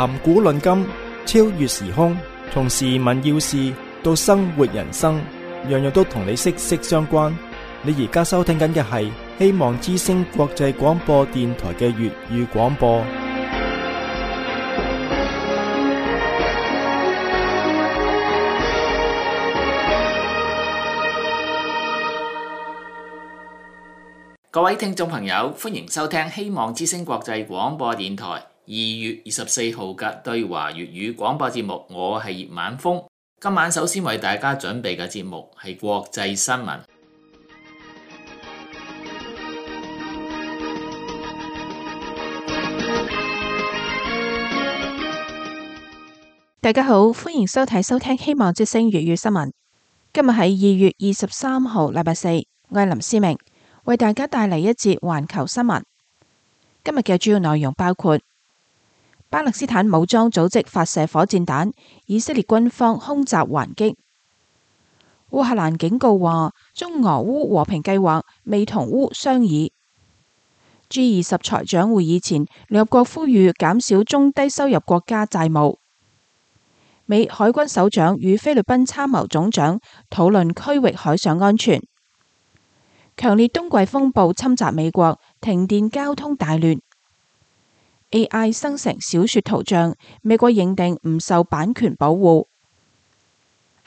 談古論今，超越時空，從時聞要事到生活人生，樣樣都同你息息相關。你而家收聽緊嘅係希望之聲國際廣播電台嘅粵語廣播。各位聽眾朋友，歡迎收聽希望之聲國際廣播電台。二月二十四號嘅對華粵語廣播節目，我係葉晚峰。今晚首先為大家準備嘅節目係國際新聞。大家好，歡迎收睇收聽《希望之聲粵語新聞》。今日喺二月二十三號，禮拜四，我係林思明，為大家帶嚟一節環球新聞。今日嘅主要內容包括。巴勒斯坦武裝組織發射火箭彈，以色列軍方空襲還擊。烏克蘭警告話，中俄烏和平計劃未同烏商議。G 二十財長會議前，聯合國呼籲減少中低收入國家債務。美海軍首長與菲律賓參謀總長討論區域海上安全。強烈冬季風暴侵襲美國，停電交通大亂。AI 生成小說圖像，美國認定唔受版權保護。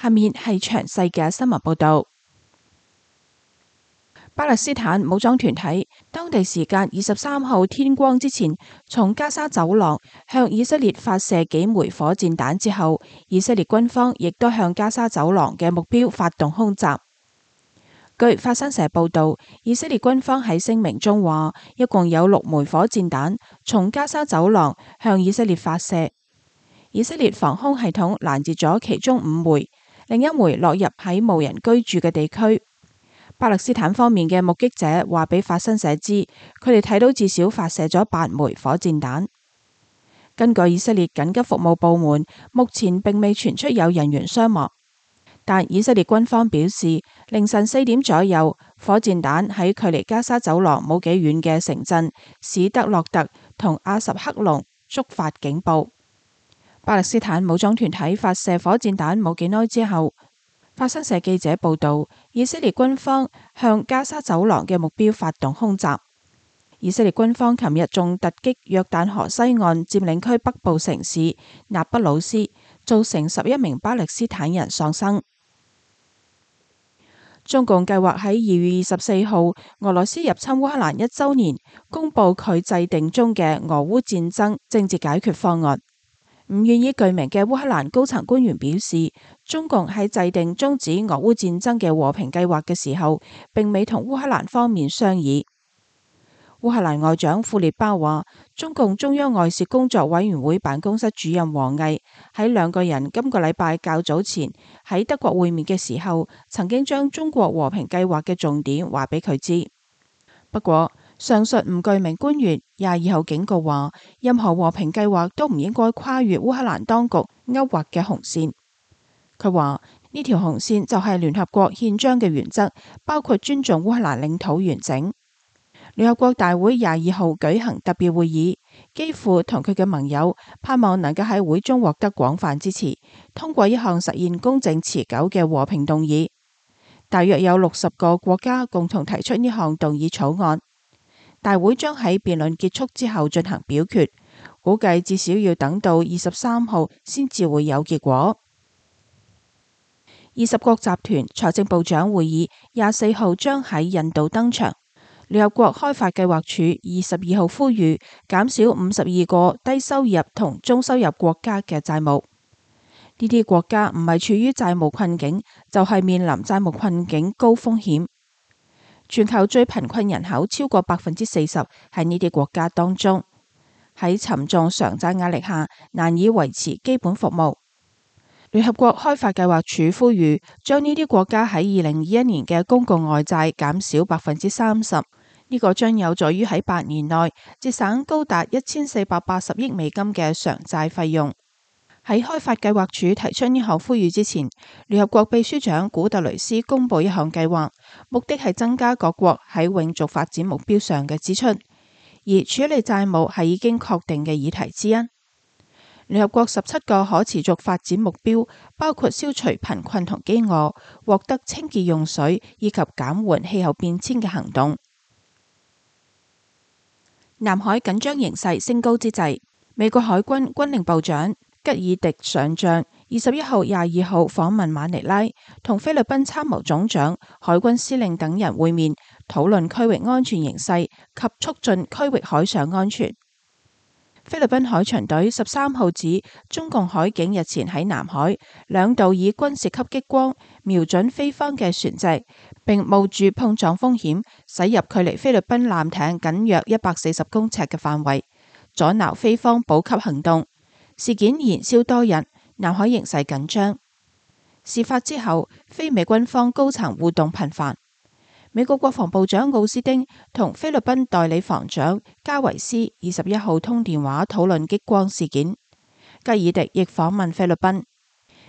下面係詳細嘅新聞報道。巴勒斯坦武裝團體當地時間二十三號天光之前，從加沙走廊向以色列發射幾枚火箭彈之後，以色列軍方亦都向加沙走廊嘅目標發動空襲。據法新社報道，以色列軍方喺聲明中話，一共有六枚火箭彈從加沙走廊向以色列發射。以色列防空系統攔截咗其中五枚，另一枚落入喺無人居住嘅地區。巴勒斯坦方面嘅目擊者話俾法新社知，佢哋睇到至少發射咗八枚火箭彈。根據以色列緊急服務部門，目前並未傳出有人員傷亡，但以色列軍方表示，凌晨四點左右，火箭彈喺距離加沙走廊冇幾遠嘅城鎮史德洛特同阿什克隆觸發警報。巴勒斯坦武裝團體發射火箭彈冇幾耐之後，法新社記者報道，以色列軍方向加沙走廊嘅目標發動空襲。以色列軍方琴日仲突擊約旦河西岸佔領區北部城市納布魯斯，造成十一名巴勒斯坦人喪生。中共計劃喺二月二十四號，俄羅斯入侵烏克蘭一周年，公布佢制定中嘅俄烏戰爭政治解決方案。唔願意具名嘅烏克蘭高層官員表示，中共喺制定終止俄烏戰爭嘅和平計劃嘅時候，並未同烏克蘭方面商議。烏克蘭外長庫列巴話，中共中央外事工作委員會辦公室主任王毅，喺兩個人今個禮拜較早前喺德國會面嘅時候，曾經將中國和平計劃嘅重點話俾佢知。不過，上述唔具名官員廿二號警告話，任何和平計劃都唔應該跨越烏克蘭當局勾畫嘅紅線。佢話，呢條紅線就係聯合國憲章嘅原則，包括尊重烏克蘭領土完整。聯合國大會廿二號舉行特別會議，基輔同佢嘅盟友盼望能夠喺會中獲得廣泛支持，通過一項實現公正持久嘅和平動議。大約有六十個國家共同提出呢項動議草案。大會將喺辯論結束之後進行表決，估計至少要等到二十三號先至會有結果。二十國集團財政部長會議廿四號將喺印度登場。聯合國開發計劃署二十二號呼籲減少五十二個低收入同中收入國家嘅債務。呢啲國家唔係處於債務困境，就係面臨債務困境高風險。全球最貧困人口超過百分之四十喺呢啲國家當中，喺沉重償債壓力下難以維持基本服務。聯合國開發計劃署呼籲將呢啲國家喺二零二一年嘅公共外債減少百分之三十。呢個將有助於喺八年內節省高達一千四百八十億美金嘅償債費用。喺開發計劃署提出呢項呼籲之前，聯合國秘書長古特雷斯公布一項計劃，目的係增加各國喺永續發展目標上嘅支出，而處理債務係已經確定嘅議題之一。聯合國十七個可持續發展目標包括消除貧困同飢餓、獲得清潔用水以及減緩氣候變遷嘅行動。南海緊張形勢升高之際，美國海軍軍令部長吉爾迪上將二十一號、廿二號訪問馬尼拉，同菲律賓參謀總長、海軍司令等人會面，討論區域安全形勢及促進區域海上安全。菲律賓海巡隊十三號指，中共海警日前喺南海兩度以軍事級激光瞄準菲方嘅船隻，並冒住碰撞風險駛入距離菲律賓艦艇僅約一百四十公尺嘅範圍，阻撓菲方補給行動。事件燃燒多日，南海形勢緊張。事發之後，菲美軍方高層互動頻繁。美國國防部長奧斯汀同菲律賓代理防長加維斯二十一號通電話討論激光事件。吉爾迪亦訪問菲律賓。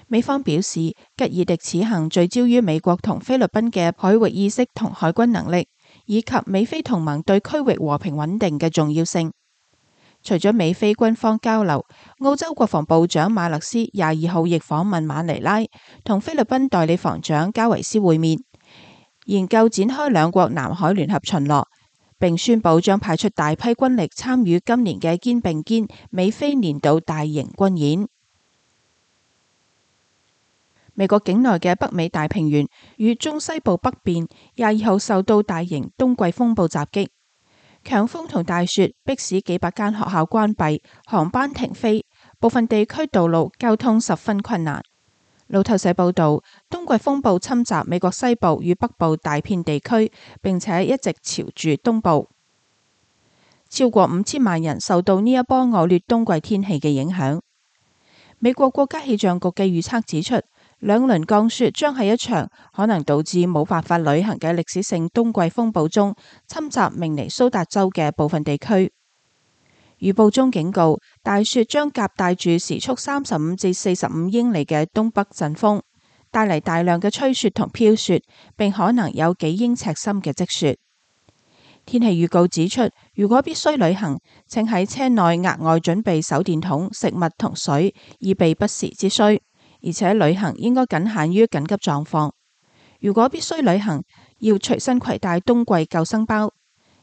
美方表示，吉爾迪此行聚焦於美國同菲律賓嘅海域意識同海軍能力，以及美菲同盟對區域和平穩定嘅重要性。除咗美菲軍方交流，澳洲國防部長馬勒斯廿二號亦訪問馬尼拉，同菲律賓代理防長加維斯會面。研究展開兩國南海聯合巡邏，並宣布將派出大批軍力參與今年嘅肩並肩美菲年度大型軍演。美國境內嘅北美大平原與中西部北邊廿二號受到大型冬季風暴襲擊，強風同大雪迫使幾百間學校關閉，航班停飛，部分地區道路交通十分困難。路透社報道，冬季風暴侵襲美國西部與北部大片地區，並且一直朝住東部。超過五千萬人受到呢一波惡劣冬季天氣嘅影響。美國國家氣象局嘅預測指出，兩輪降雪將喺一場可能導致冇辦法旅行嘅歷史性冬季風暴中侵襲明尼蘇達州嘅部分地區。預報中警告，大雪將夾帶住時速三十五至四十五英里嘅東北陣風，帶嚟大量嘅吹雪同飄雪，並可能有幾英尺深嘅積雪。天氣預告指出，如果必須旅行，請喺車內額外準備手電筒、食物同水，以備不時之需。而且旅行應該僅限於緊急狀況。如果必須旅行，要隨身攜帶冬季救生包，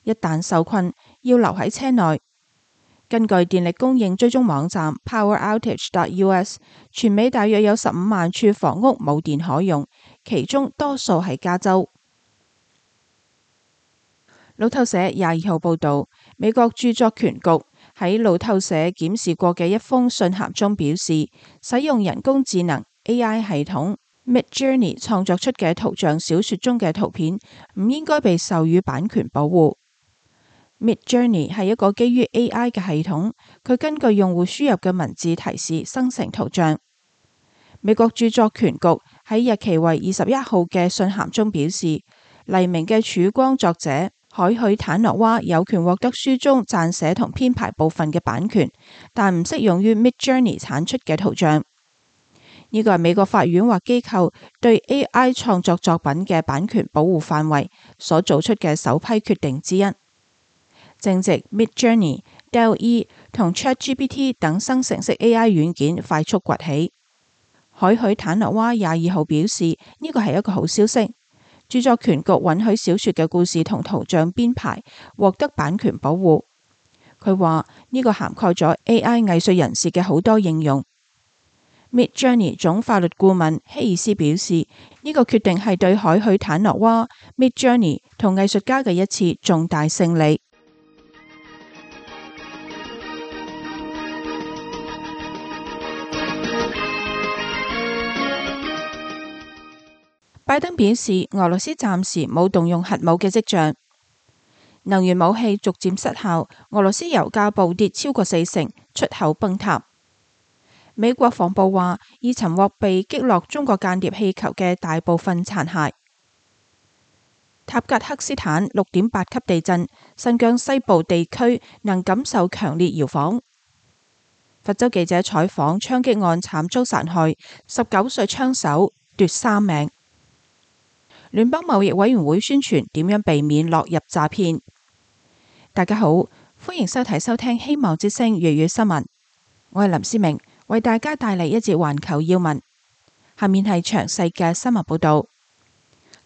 一旦受困，要留喺車內。根據電力供應追蹤網站 PowerOutage.US，全美大約有十五萬處房屋冇電可用，其中多數係加州。路透社廿二號報道，美國著作權局喺路透社檢視過嘅一封信函中表示，使用人工智能 AI 系統 Midjourney 創作出嘅圖像小說中嘅圖片，唔應該被授予版權保護。MidJourney 係一個基於 AI 嘅系統，佢根據用戶輸入嘅文字提示生成圖像。美國著作權局喺日期為二十一號嘅信函中表示，黎明嘅《曙光》作者海許坦諾娃有權獲得書中撰寫同編排部分嘅版權，但唔適用於 MidJourney 產出嘅圖像。呢個係美國法院或機構對 AI 創作作品嘅版權保護範圍所做出嘅首批決定之一。正值 MidJourney、DALL·E 同 ChatGPT 等生成式 AI 軟件快速崛起，海許坦諾娃廿二號表示呢個係一個好消息。著作權局允許小說嘅故事同圖像編排獲得版權保護。佢話呢個涵蓋咗 AI 藝術人士嘅好多應用。MidJourney 總法律顧問希爾斯表示，呢個決定係對海許坦諾娃、MidJourney 同藝術家嘅一次重大勝利。拜登表示，俄羅斯暫時冇動用核武嘅跡象。能源武器逐漸失效，俄羅斯油價暴跌超過四成，出口崩塌。美國防部話已尋獲被擊落中國間諜氣球嘅大部分殘骸。塔吉克斯坦六點八級地震，新疆西部地區能感受強烈搖晃。佛州記者採訪槍擊案慘遭殺害，十九歲槍手奪三命。聯邦貿易委員會宣傳點樣避免落入詐騙？大家好，歡迎收睇、收聽《希望之聲》粵語新聞。我係林思明，為大家帶嚟一節環球要聞。下面係詳細嘅新聞報道。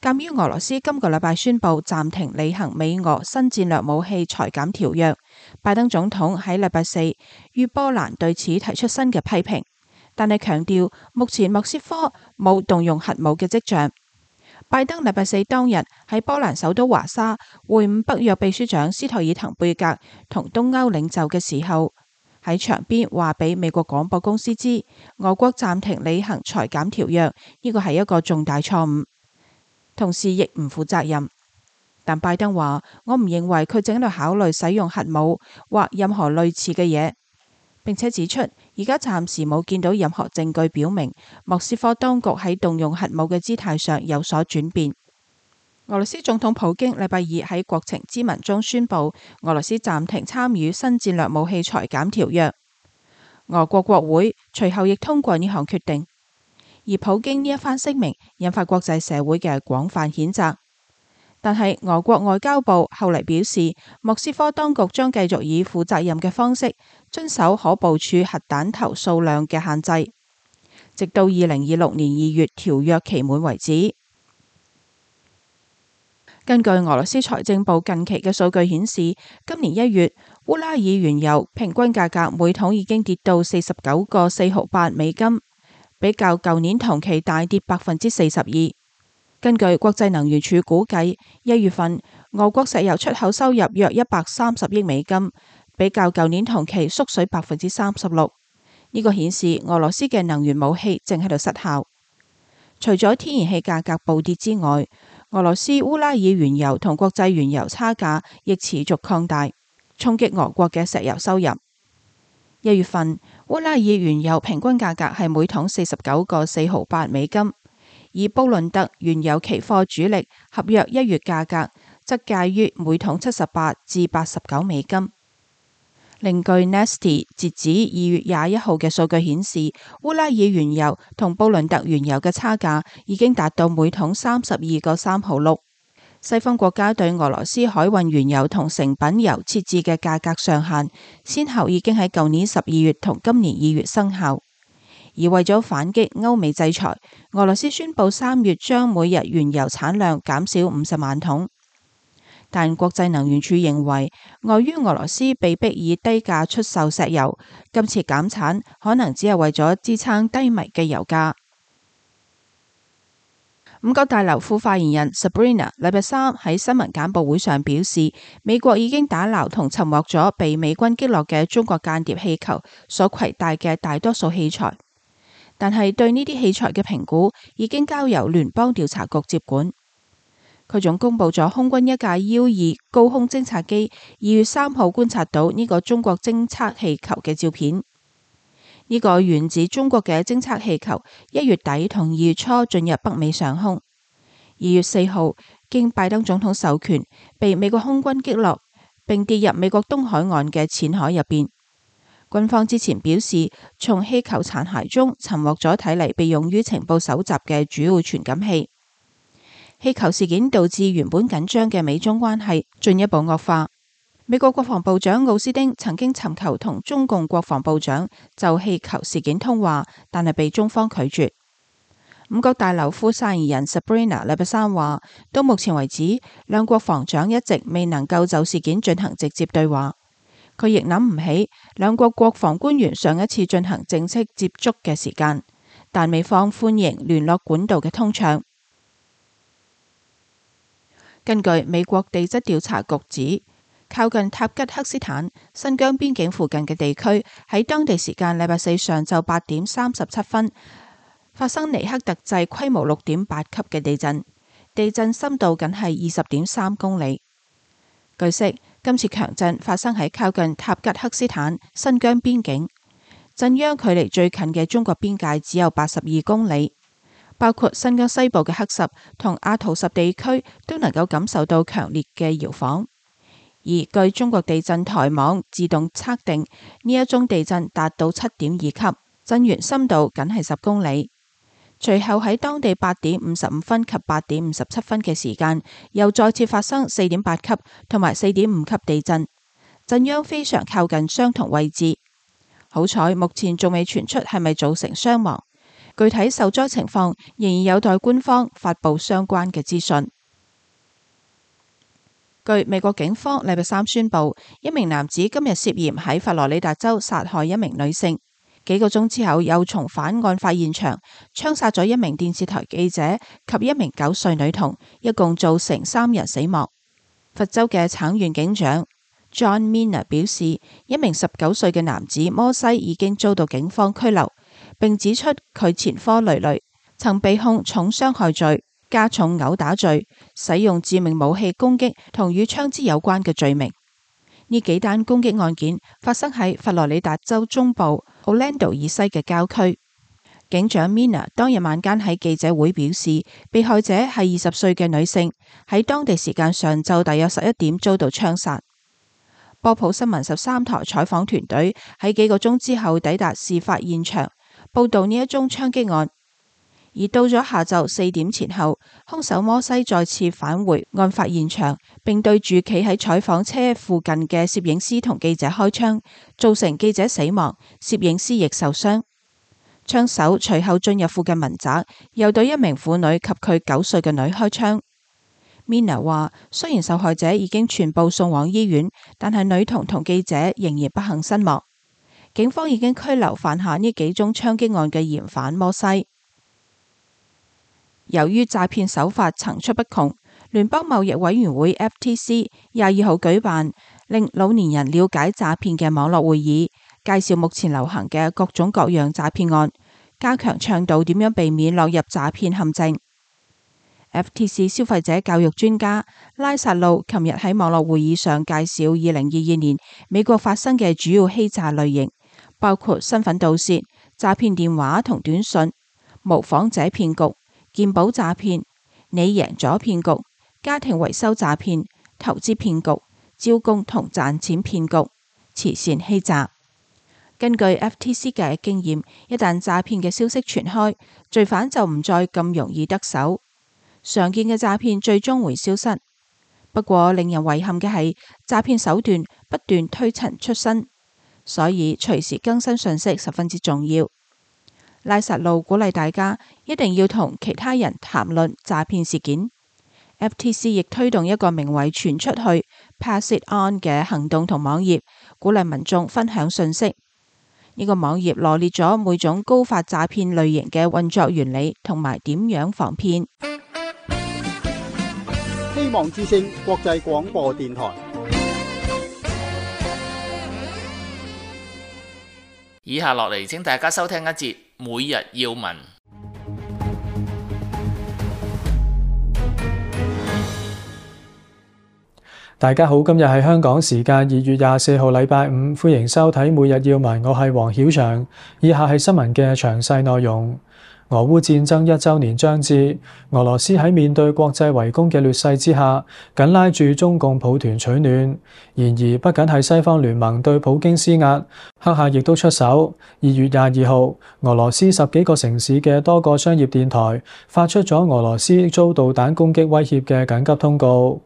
鑒於俄羅斯今個禮拜宣布暫停履行美俄新戰略武器裁減條約，拜登總統喺禮拜四與波蘭對此提出新嘅批評，但係強調目前莫斯科冇動用核武嘅跡象。拜登禮拜四當日喺波蘭首都華沙會晤北約秘書長斯托爾滕貝格同東歐領袖嘅時候，喺場邊話俾美國廣播公司知，俄國暫停履行裁減條約呢個係一個重大錯誤，同時亦唔負責任。但拜登話：我唔認為佢正喺度考慮使用核武或任何類似嘅嘢，並且指出。而家暫時冇見到任何證據表明莫斯科當局喺動用核武嘅姿態上有所轉變。俄羅斯總統普京禮拜二喺國情咨文中宣布，俄羅斯暫停參與新戰略武器裁減條約。俄國國會隨後亦通過呢項決定，而普京呢一番聲明引發國際社會嘅廣泛譴責。但係俄國外交部後嚟表示，莫斯科當局將繼續以負責任嘅方式遵守可部署核彈頭數量嘅限制，直到二零二六年二月條約期滿為止。根據俄羅斯財政部近期嘅數據顯示，今年一月烏拉爾原油平均價格每桶已經跌到四十九個四毫八美金，比較舊年同期大跌百分之四十二。根據國際能源署估計，一月份俄國石油出口收入約一百三十億美金，比較舊年同期縮水百分之三十六。呢、這個顯示俄羅斯嘅能源武器正喺度失效。除咗天然氣價格暴跌之外，俄羅斯烏拉爾原油同國際原油差價亦持續擴大，衝擊俄國嘅石油收入。一月份烏拉爾原油平均價格係每桶四十九個四毫八美金。以布倫特原油期貨主力合約一月價格則介於每桶七十八至八十九美金。另據 Nasdaq 截止二月廿一號嘅數據顯示，烏拉爾原油同布倫特原油嘅差價已經達到每桶三十二個三毫六。西方國家對俄羅斯海運原油同成品油設置嘅價格上限，先後已經喺舊年十二月同今年二月生效。而為咗反擊歐美制裁，俄羅斯宣布三月將每日原油產量減少五十萬桶。但國際能源署認為，礙於俄羅斯被迫以低價出售石油，今次減產可能只係為咗支撐低迷嘅油價。五角大樓副發言人 Sabrina 禮拜三喺新聞簡報會上表示，美國已經打撈同尋獲咗被美軍擊落嘅中國間諜氣球所携帶嘅大多數器材。但係對呢啲器材嘅評估已經交由聯邦調查局接管。佢仲公布咗空軍一架 U 二高空偵察機二月三號觀察到呢個中國偵察氣球嘅照片。呢個源自中國嘅偵察氣球一月底同二月初進入北美上空，二月四號經拜登總統授權被美國空軍擊落，並跌入美國東海岸嘅淺海入邊。軍方之前表示，從氣球殘骸中尋獲咗睇嚟被用於情報搜集嘅主要傳感器。氣球事件導致原本緊張嘅美中關係進一步惡化。美國國防部長奧斯丁曾經尋求同中共國防部長就氣球事件通話，但係被中方拒絕。五角大樓副發言人 Sabrina 禮拜三話，到目前為止，兩國防長一直未能夠就事件進行直接對話。佢亦諗唔起兩國國防官員上一次進行正式接觸嘅時間，但美方歡迎聯絡管道嘅通暢。根據美國地質調查局指，靠近塔吉克斯坦新疆邊境附近嘅地區，喺當地時間禮拜四上晝八點三十七分發生尼克特制規模六點八級嘅地震，地震深度僅係二十點三公里。據悉。今次強震發生喺靠近塔吉克斯坦新疆邊境，震央距離最近嘅中國邊界只有八十二公里，包括新疆西部嘅喀什同阿圖什地區都能夠感受到強烈嘅搖晃。而據中國地震台網自動測定，呢一宗地震達到七點二級，震源深度僅係十公里。隨後喺當地八點五十五分及八點五十七分嘅時間，又再次發生四點八級同埋四點五級地震，震央非常靠近相同位置。好彩，目前仲未傳出係咪造成傷亡，具體受災情況仍然有待官方發布相關嘅資訊。據美國警方禮拜三宣布，一名男子今日涉嫌喺佛羅里達州殺害一名女性。幾個鐘之後，又重返案發現場槍殺咗一名電視台記者及一名九歲女童，一共造成三人死亡。佛州嘅橙縣警長 John Mina 表示，一名十九歲嘅男子摩西已經遭到警方拘留，並指出佢前科累累，曾被控重傷害罪、加重毆打罪、使用致命武器攻擊同與槍支有關嘅罪名。呢幾單攻擊案件發生喺佛羅里達州中部奧蘭多以西嘅郊區。警長 Mina 當日晚間喺記者會表示，被害者係二十歲嘅女性，喺當地時間上晝大約十一點遭到槍殺。波普新聞十三台採訪團隊喺幾個鐘之後抵達事發現場，報道呢一宗槍擊案。而到咗下晝四點前後，兇手摩西再次返回案發現場，並對住企喺採訪車附近嘅攝影師同記者開槍，造成記者死亡，攝影師亦受傷。槍手隨後進入附近民宅，又對一名婦女及佢九歲嘅女開槍。Mina 話：雖然受害者已經全部送往醫院，但係女童同記者仍然不幸身亡。警方已經拘留犯下呢幾宗槍擊案嘅嫌犯摩西。由於詐騙手法層出不窮，聯邦貿易委員會 （FTC） 廿二號舉辦令老年人了解詐騙嘅網絡會議，介紹目前流行嘅各種各樣詐騙案，加強倡導點樣避免落入詐騙陷阱。FTC 消費者教育專家拉薩路琴日喺網絡會議上介紹，二零二二年美國發生嘅主要欺詐類型包括身份盜竊、詐騙電話同短信、模仿者騙局。健保詐騙，你贏咗騙局；家庭維修詐騙、投資騙局、招工同賺錢騙局、慈善欺詐。根據 FTC 嘅經驗，一旦詐騙嘅消息傳開，罪犯就唔再咁容易得手。常見嘅詐騙最終會消失，不過令人遺憾嘅係，詐騙手段不斷推陳出新，所以隨時更新信息十分之重要。拉沙路鼓勵大家一定要同其他人談論詐騙事件。FTC 亦推動一個名為“傳出去，pass it on” 嘅行動同網頁，鼓勵民眾分享信息。呢個網頁羅列咗每種高發詐騙類型嘅運作原理同埋點樣防騙。希望之聲國際廣播電台。以下落嚟，請大家收聽一節。每日要聞，大家好，今日係香港時間二月廿四號禮拜五，歡迎收睇每日要聞，我係黃曉祥，以下係新聞嘅詳細內容。俄烏戰爭一周年將至，俄羅斯喺面對國際圍攻嘅劣勢之下，緊拉住中共抱團取暖。然而，不僅係西方聯盟對普京施壓，黑客亦都出手。二月廿二號，俄羅斯十幾個城市嘅多個商業電台發出咗俄羅斯遭導彈攻擊威脅嘅緊急通告。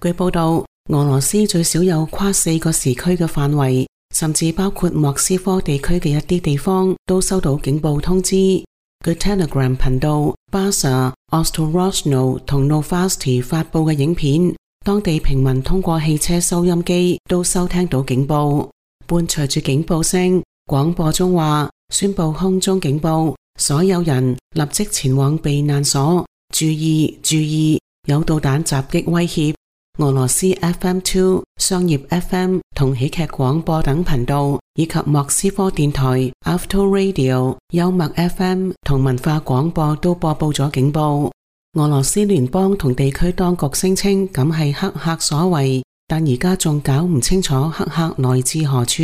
據報道，俄羅斯最少有跨四個時區嘅範圍，甚至包括莫斯科地區嘅一啲地方，都收到警報通知。據 Telegram 頻道 Baza、Ostrozhno 同 Novosti 發布嘅影片，當地平民通過汽車收音機都收聽到警報。伴隨住警報聲，廣播中話宣布空中警報，所有人立即前往避難所。注意，注意，有導彈襲擊威脅。俄羅斯 FM Two 商業 FM 同喜劇廣播等頻道，以及莫斯科電台 After Radio 幽默 FM 同文化廣播都播報咗警報。俄羅斯聯邦同地區當局聲稱咁係黑客所為，但而家仲搞唔清楚黑客來自何處。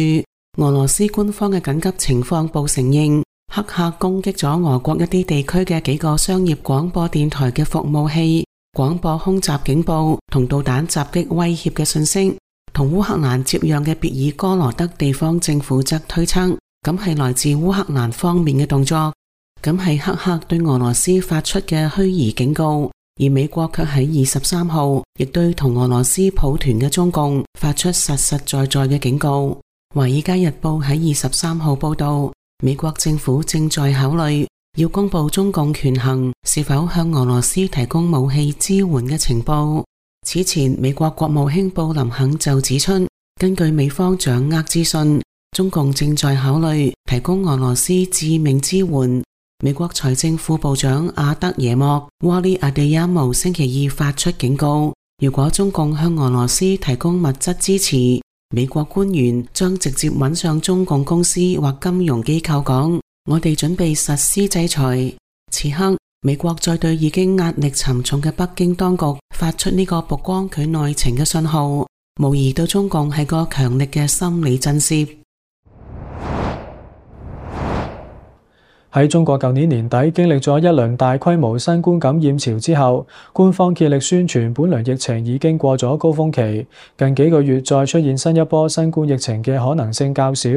俄羅斯官方嘅緊急情況部承認黑客攻擊咗俄國一啲地區嘅幾個商業廣播電台嘅服務器。廣播空襲警報同導彈襲擊威脅嘅信息，同烏克蘭接壤嘅別爾哥羅德地方政府則推測，咁係來自烏克蘭方面嘅動作，咁係黑客對俄羅斯發出嘅虛擬警告，而美國卻喺二十三號，亦對同俄羅斯抱團嘅中共發出實實在在嘅警告。華爾街日報喺二十三號報道，美國政府正在考慮。要公布中共權衡是否向俄羅斯提供武器支援嘅情報。此前，美國國務卿布林肯就指出，根據美方掌握資訊，中共正在考慮提供俄羅斯致命支援。美國財政副部長阿德耶莫 Wally Adeyemo 星期二發出警告：如果中共向俄羅斯提供物質支持，美國官員將直接搵上中共公司或金融機構講。我哋準備實施制裁。此刻，美國再對已經壓力沉重嘅北京當局發出呢個曝光佢內情嘅信號，無疑對中共係個強力嘅心理震懾。喺中國，舊年年底經歷咗一輪大規模新冠感染潮之後，官方竭力宣傳本輪疫情已經過咗高峰期，近幾個月再出現新一波新冠疫情嘅可能性較少。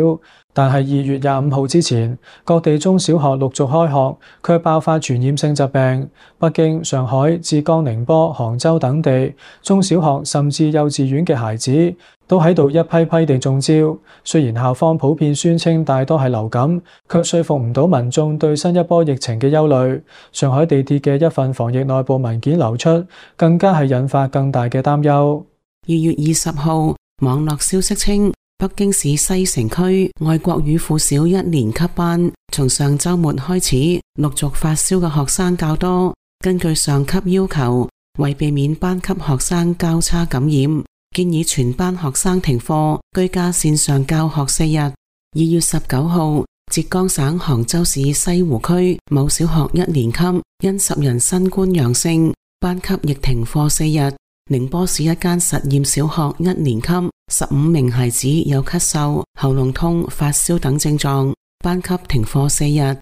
但係二月廿五號之前，各地中小學陸續開學，卻爆發傳染性疾病。北京、上海、浙江、寧波、杭州等地中小學甚至幼稚園嘅孩子都喺度一批批地中招。雖然校方普遍宣稱大多係流感，卻說服唔到民眾對新一波疫情嘅憂慮。上海地鐵嘅一份防疫內部文件流出，更加係引發更大嘅擔憂。二月二十號，網絡消息稱。北京市西城區外國語附小一年級班從上周末開始陸續發燒嘅學生較多，根據上級要求，為避免班級學生交叉感染，建議全班學生停課居家線上教學四日。二月十九號，浙江省杭州市西湖區某小學一年級因十人新冠陽性，班級亦停課四日。寧波市一間實驗小學一年級十五名孩子有咳嗽、喉嚨痛、發燒等症狀，班級停課四日。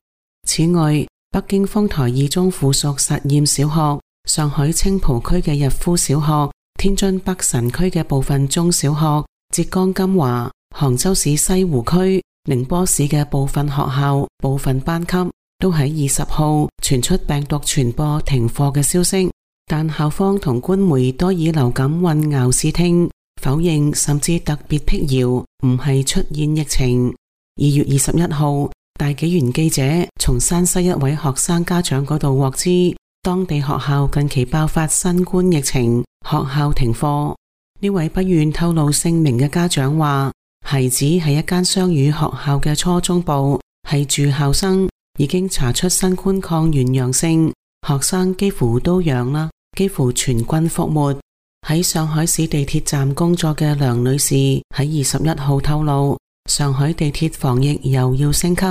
此外，北京豐台二中附屬實驗小學、上海青浦區嘅逸夫小學、天津北辰區嘅部分中小學、浙江金華、杭州市西湖區、寧波市嘅部分學校部分班級都喺二十號傳出病毒傳播停課嘅消息。但校方同官媒多以流感混淆視聽，否認甚至特別闢謠，唔係出現疫情。二月二十一號，大紀元記者從山西一位學生家長嗰度獲知，當地學校近期爆發新冠疫情，學校停課。呢位不願透露姓名嘅家長話：孩子係一間雙語學校嘅初中部，係住校生，已經查出新冠抗原陽性，學生幾乎都陽啦。幾乎全軍覆沒。喺上海市地鐵站工作嘅梁女士喺二十一號透露，上海地鐵防疫又要升級。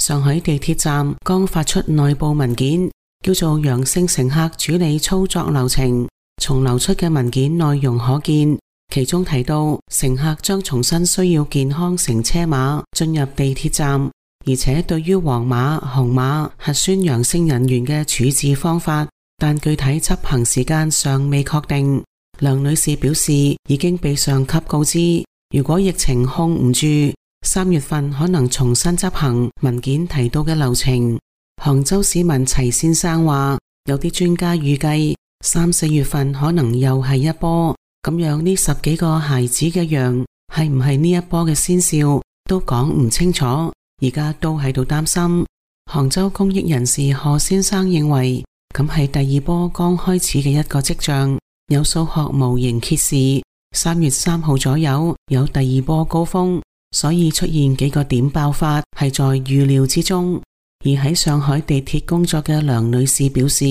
上海地鐵站剛發出內部文件，叫做《陽性乘客處理操作流程》。從流出嘅文件內容可見，其中提到乘客將重新需要健康乘車碼進入地鐵站，而且對於黃碼、紅碼核酸陽性人員嘅處置方法。但具體執行時間尚未確定。梁女士表示，已經被上級告知，如果疫情控唔住，三月份可能重新執行文件提到嘅流程。杭州市民齊先生話，有啲專家預計三四月份可能又係一波咁樣，呢十幾個孩子嘅羊係唔係呢一波嘅先兆都講唔清楚。而家都喺度擔心。杭州公益人士何先生認為。咁係第二波剛開始嘅一個跡象，有數學模型揭示，三月三號左右有第二波高峰，所以出現幾個點爆發係在預料之中。而喺上海地鐵工作嘅梁女士表示，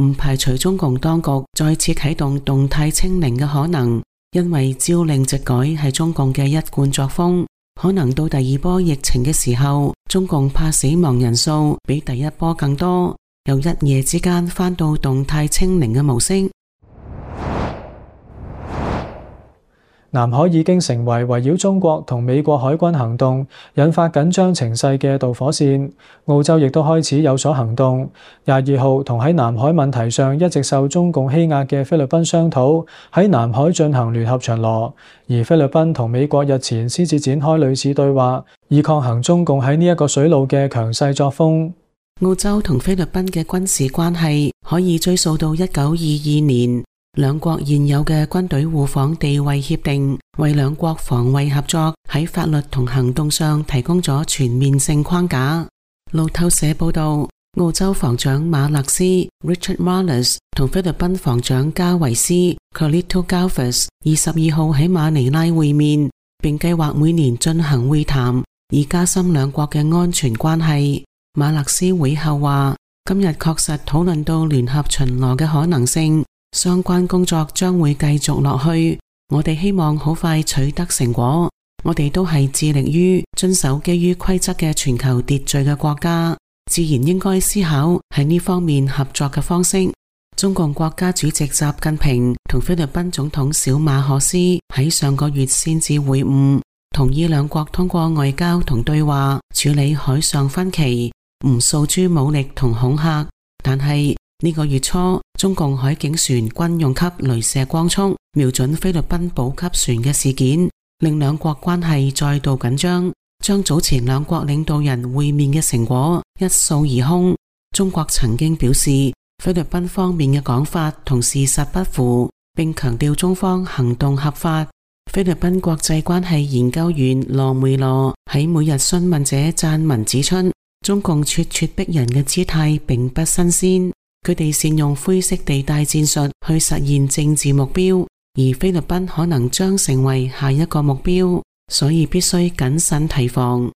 唔排除中共當局再次啟動動態清零嘅可能，因為朝令夕改係中共嘅一貫作風。可能到第二波疫情嘅時候，中共怕死亡人數比第一波更多。由一夜之間翻到動態清零嘅模式，南海已經成為圍繞中國同美國海軍行動引發緊張情勢嘅導火線。澳洲亦都開始有所行動。廿二號同喺南海問題上一直受中共欺壓嘅菲律賓商討喺南海進行聯合巡邏，而菲律賓同美國日前先至展開類似對話，以抗衡中共喺呢一個水路嘅強勢作風。澳洲同菲律賓嘅軍事關係可以追溯到一九二二年，兩國現有嘅軍隊互訪地位協定，為兩國防衛合作喺法律同行動上提供咗全面性框架。路透社報道，澳洲防長馬勒斯 （Richard Marles） 同菲律賓防長加維斯 c o l i n t o g a l f u s 二十二號喺馬尼拉會面，並計劃每年進行會談，以加深兩國嘅安全關係。馬勒斯會後話：今日確實討論到聯合巡邏嘅可能性，相關工作將會繼續落去。我哋希望好快取得成果。我哋都係致力於遵守基於規則嘅全球秩序嘅國家，自然應該思考喺呢方面合作嘅方式。中共國家主席習近平同菲律賓總統小馬可斯喺上個月先至會晤，同意兩國通過外交同對話處理海上分歧。唔訴諸武力同恐嚇，但係呢個月初，中共海警船軍用級鐳射光束瞄準菲律賓補給船嘅事件，令兩國關係再度緊張，將早前兩國領導人會面嘅成果一掃而空。中國曾經表示，菲律賓方面嘅講法同事實不符，並強調中方行動合法。菲律賓國際關係研究員羅梅羅喺《每日詢問者》撰文指出。中共咄咄逼人嘅姿態並不新鮮，佢哋善用灰色地帶戰術去實現政治目標，而菲律賓可能將成為下一個目標，所以必須謹慎提防。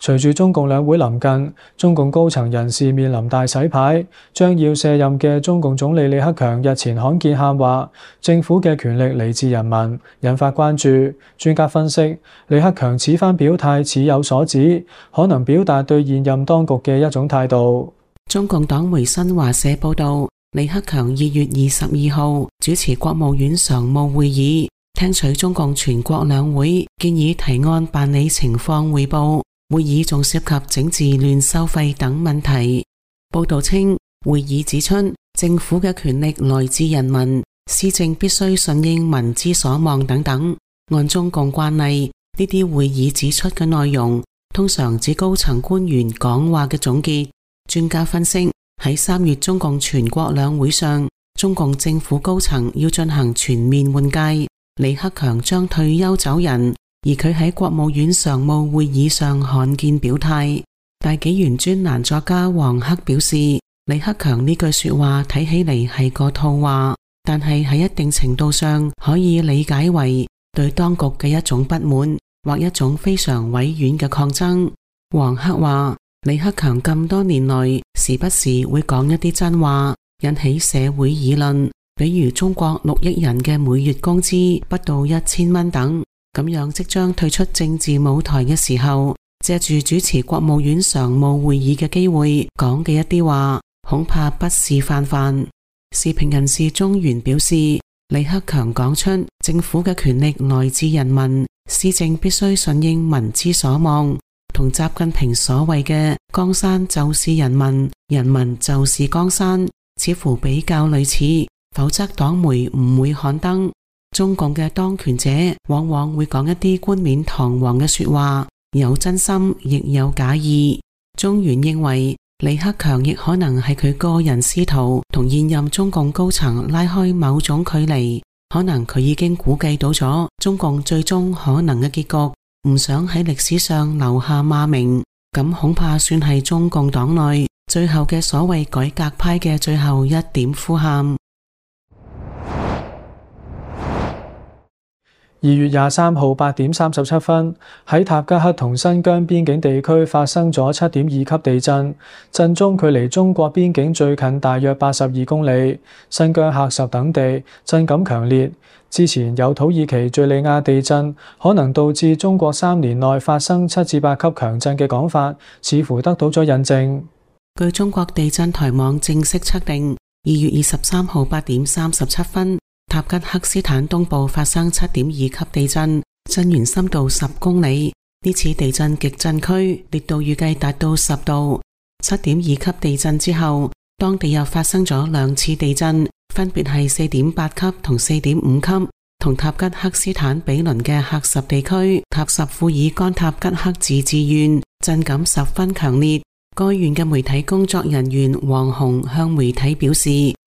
隨住中共兩會臨近，中共高層人士面臨大洗牌。將要卸任嘅中共總理李克強日前罕見喊話，政府嘅權力嚟自人民，引發關注。專家分析，李克強此番表態似有所指，可能表達對現任當局嘅一種態度。中共黨媒新華社報道，李克強二月二十二號主持國務院常務會議，聽取中共全國兩會建議提案辦理情況匯報。會議仲涉及整治亂收費等問題。報道稱，會議指出，政府嘅權力來自人民，施政必須順應民之所望等等。按中共慣例，呢啲會議指出嘅內容，通常指高層官員講話嘅總結。專家分析，喺三月中共全國兩會上，中共政府高層要進行全面換屆，李克強將退休走人。而佢喺國務院常務會議上罕見表態。大紀元專欄作家王克表示，李克強呢句說話睇起嚟係個套話，但係喺一定程度上可以理解為對當局嘅一種不滿或一種非常委婉嘅抗爭。王克話：李克強咁多年來時不時會講一啲真話，引起社會議論，比如中國六億人嘅每月工資不到一千蚊等。咁樣即將退出政治舞台嘅時候，借住主持國務院常務會議嘅機會講嘅一啲話，恐怕不是泛泛。時評人士鍾原表示，李克強講出政府嘅權力來自人民，施政必須順應民之所望，同習近平所謂嘅江山就是人民，人民就是江山，似乎比較類似，否則黨媒唔會刊登。中共嘅當權者往往會講一啲冠冕堂皇嘅說話，有真心亦有假意。鍾原認為李克強亦可能係佢個人試圖，同現任中共高層拉開某種距離，可能佢已經估計到咗中共最終可能嘅結局，唔想喺歷史上留下罵名，咁恐怕算係中共黨內最後嘅所謂改革派嘅最後一點呼喊。二月廿三號八點三十七分，喺塔吉克同新疆邊境地區發生咗七點二級地震，震中距離中國邊境最近大約八十二公里，新疆喀什等地震感強烈。之前有土耳其敘利亞地震可能導致中國三年內發生七至八級強震嘅講法，似乎得到咗印證。據中國地震台網正式測定，二月二十三號八點三十七分。塔吉克斯坦東部發生七點二級地震，震源深度十公里。呢次地震極震區烈度預計達到十度。七點二級地震之後，當地又發生咗兩次地震，分別係四點八級同四點五級。同塔吉克斯坦比鄰嘅喀什地區塔什庫爾干塔吉克自治縣震感十分強烈。該縣嘅媒體工作人員黃紅向媒體表示，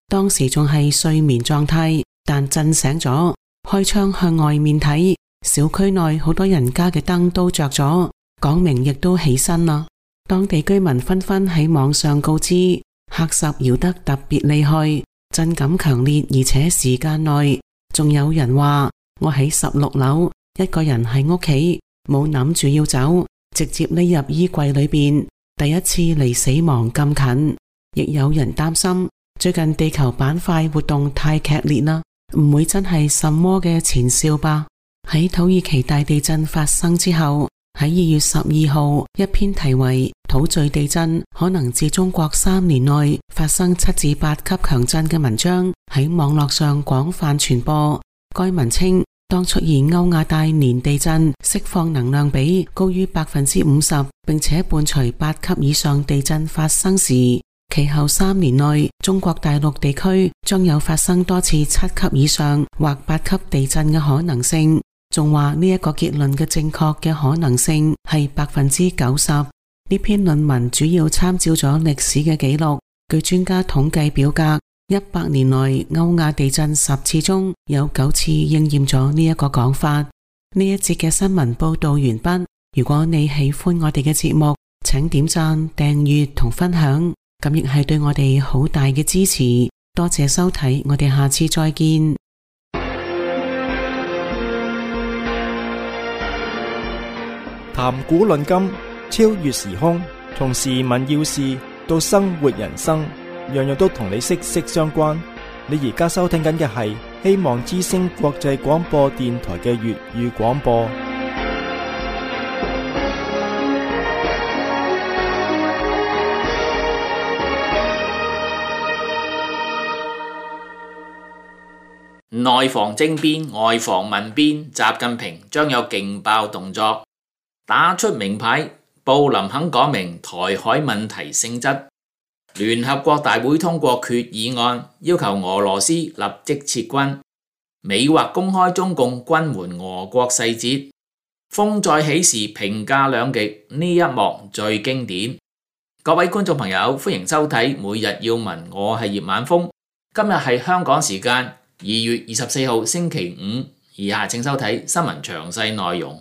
當時仲係睡眠狀態。震醒咗，開窗向外面睇，小區內好多人家嘅燈都着咗，講明亦都起身啦。當地居民紛紛喺網上告知，客十搖得特別厲害，震感強烈，而且時間內仲有人話：我喺十六樓，一個人喺屋企，冇諗住要走，直接匿入衣櫃裏邊。第一次離死亡咁近，亦有人擔心最近地球板塊活動太劇烈啦。唔會真係什麼嘅前兆吧？喺土耳其大地震發生之後，喺二月十二號一篇題為《土敘地震可能致中國三年內發生七至八級強震》嘅文章喺網絡上廣泛傳播。該文稱，當出現歐亞大年地震釋放能量比高於百分之五十，並且伴隨八級以上地震發生時。其後三年內，中國大陸地區將有發生多次七級以上或八級地震嘅可能性。仲話呢一個結論嘅正確嘅可能性係百分之九十。呢篇論文主要參照咗歷史嘅記錄，據專家統計表格，一百年內歐亞地震十次中有九次應驗咗呢一個講法。呢一節嘅新聞報道完畢。如果你喜歡我哋嘅節目，請點讚、訂閱同分享。咁亦係對我哋好大嘅支持，多謝收睇，我哋下次再見。談古論今，超越時空，從時聞要事到生活人生，樣樣都同你息息相關。你而家收聽緊嘅係希望之聲國際廣播電台嘅粵語廣播。內防政變，外防民變。習近平將有勁爆動作，打出名牌。布林肯講明台海問題性質。聯合國大會通過決議案，要求俄羅斯立即撤軍。美或公開中共軍援俄國細節。風再起時，評價兩極呢一幕最經典。各位觀眾朋友，歡迎收睇每日要聞，我係葉晚風。今日係香港時間二月二十四號星期五，以下請收睇新聞詳細內容。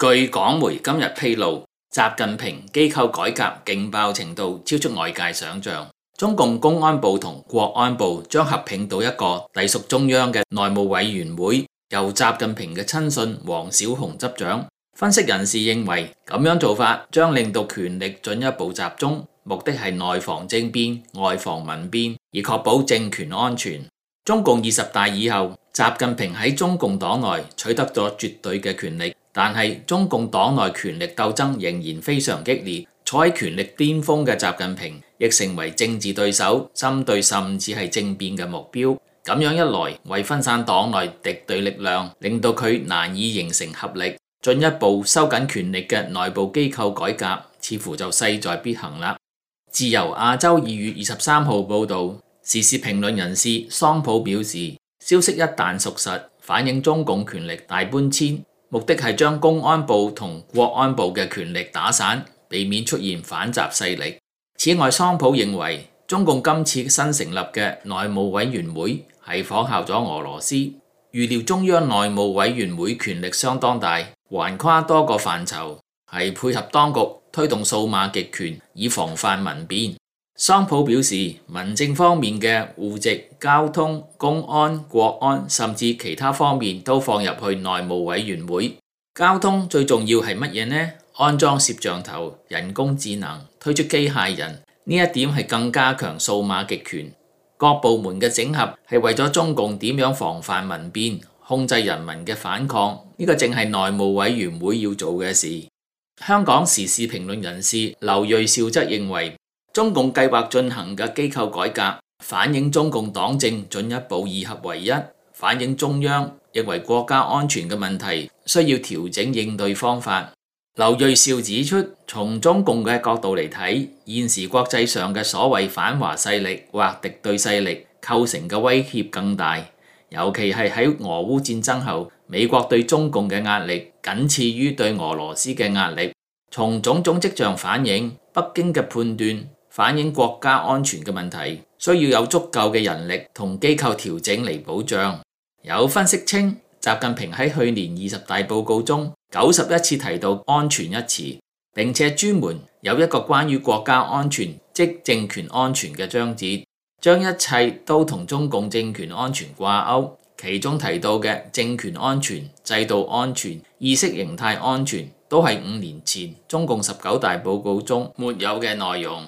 據港媒今日披露，習近平機構改革勁爆程度超出外界想象。中共公安部同國安部將合併到一個隸屬中央嘅內務委員會，由習近平嘅親信王小洪執掌。分析人士認為，咁樣做法將令到權力進一步集中，目的係內防政變、外防民變，以確保政權安全。中共二十大以後，習近平喺中共黨內取得咗絕對嘅權力，但係中共黨內權力鬥爭仍然非常激烈。坐喺權力巔峰嘅習近平，亦成為政治對手，針對甚至係政變嘅目標。咁樣一來，為分散黨內敵對力量，令到佢難以形成合力，進一步收緊權力嘅內部機構改革，似乎就勢在必行啦。自由亞洲二月二十三號報道。時事評論人士桑普表示，消息一旦屬實，反映中共權力大搬遷，目的係將公安部同國安部嘅權力打散，避免出現反習勢力。此外，桑普認為中共今次新成立嘅內務委員會係仿效咗俄羅斯，預料中央內務委員會權力相當大，橫跨多個範疇，係配合當局推動數碼極權，以防範民變。桑普表示，民政方面嘅戶籍、交通、公安、國安，甚至其他方面都放入去內務委員會。交通最重要係乜嘢呢？安裝攝像頭、人工智能、推出機械人呢？一點係更加強數碼極權。各部門嘅整合係為咗中共點樣防範民變、控制人民嘅反抗，呢個正係內務委員會要做嘅事。香港時事評論人士劉銳紹則認為。中共計劃進行嘅機構改革，反映中共黨政進一步二合為一，反映中央認為國家安全嘅問題需要調整應對方法。劉瑞兆指出，從中共嘅角度嚟睇，現時國際上嘅所謂反華勢力或敵對勢力構成嘅威脅更大，尤其係喺俄烏戰爭後，美國對中共嘅壓力僅次於對俄羅斯嘅壓力。從種種跡象反映，北京嘅判斷。反映國家安全嘅問題，需要有足夠嘅人力同機構調整嚟保障。有分析稱，習近平喺去年二十大報告中，九十一次提到安全一詞，並且專門有一個關於國家安全即政權安全嘅章節，將一切都同中共政權安全掛鈎。其中提到嘅政權安全、制度安全、意識形態安全，都係五年前中共十九大報告中沒有嘅內容。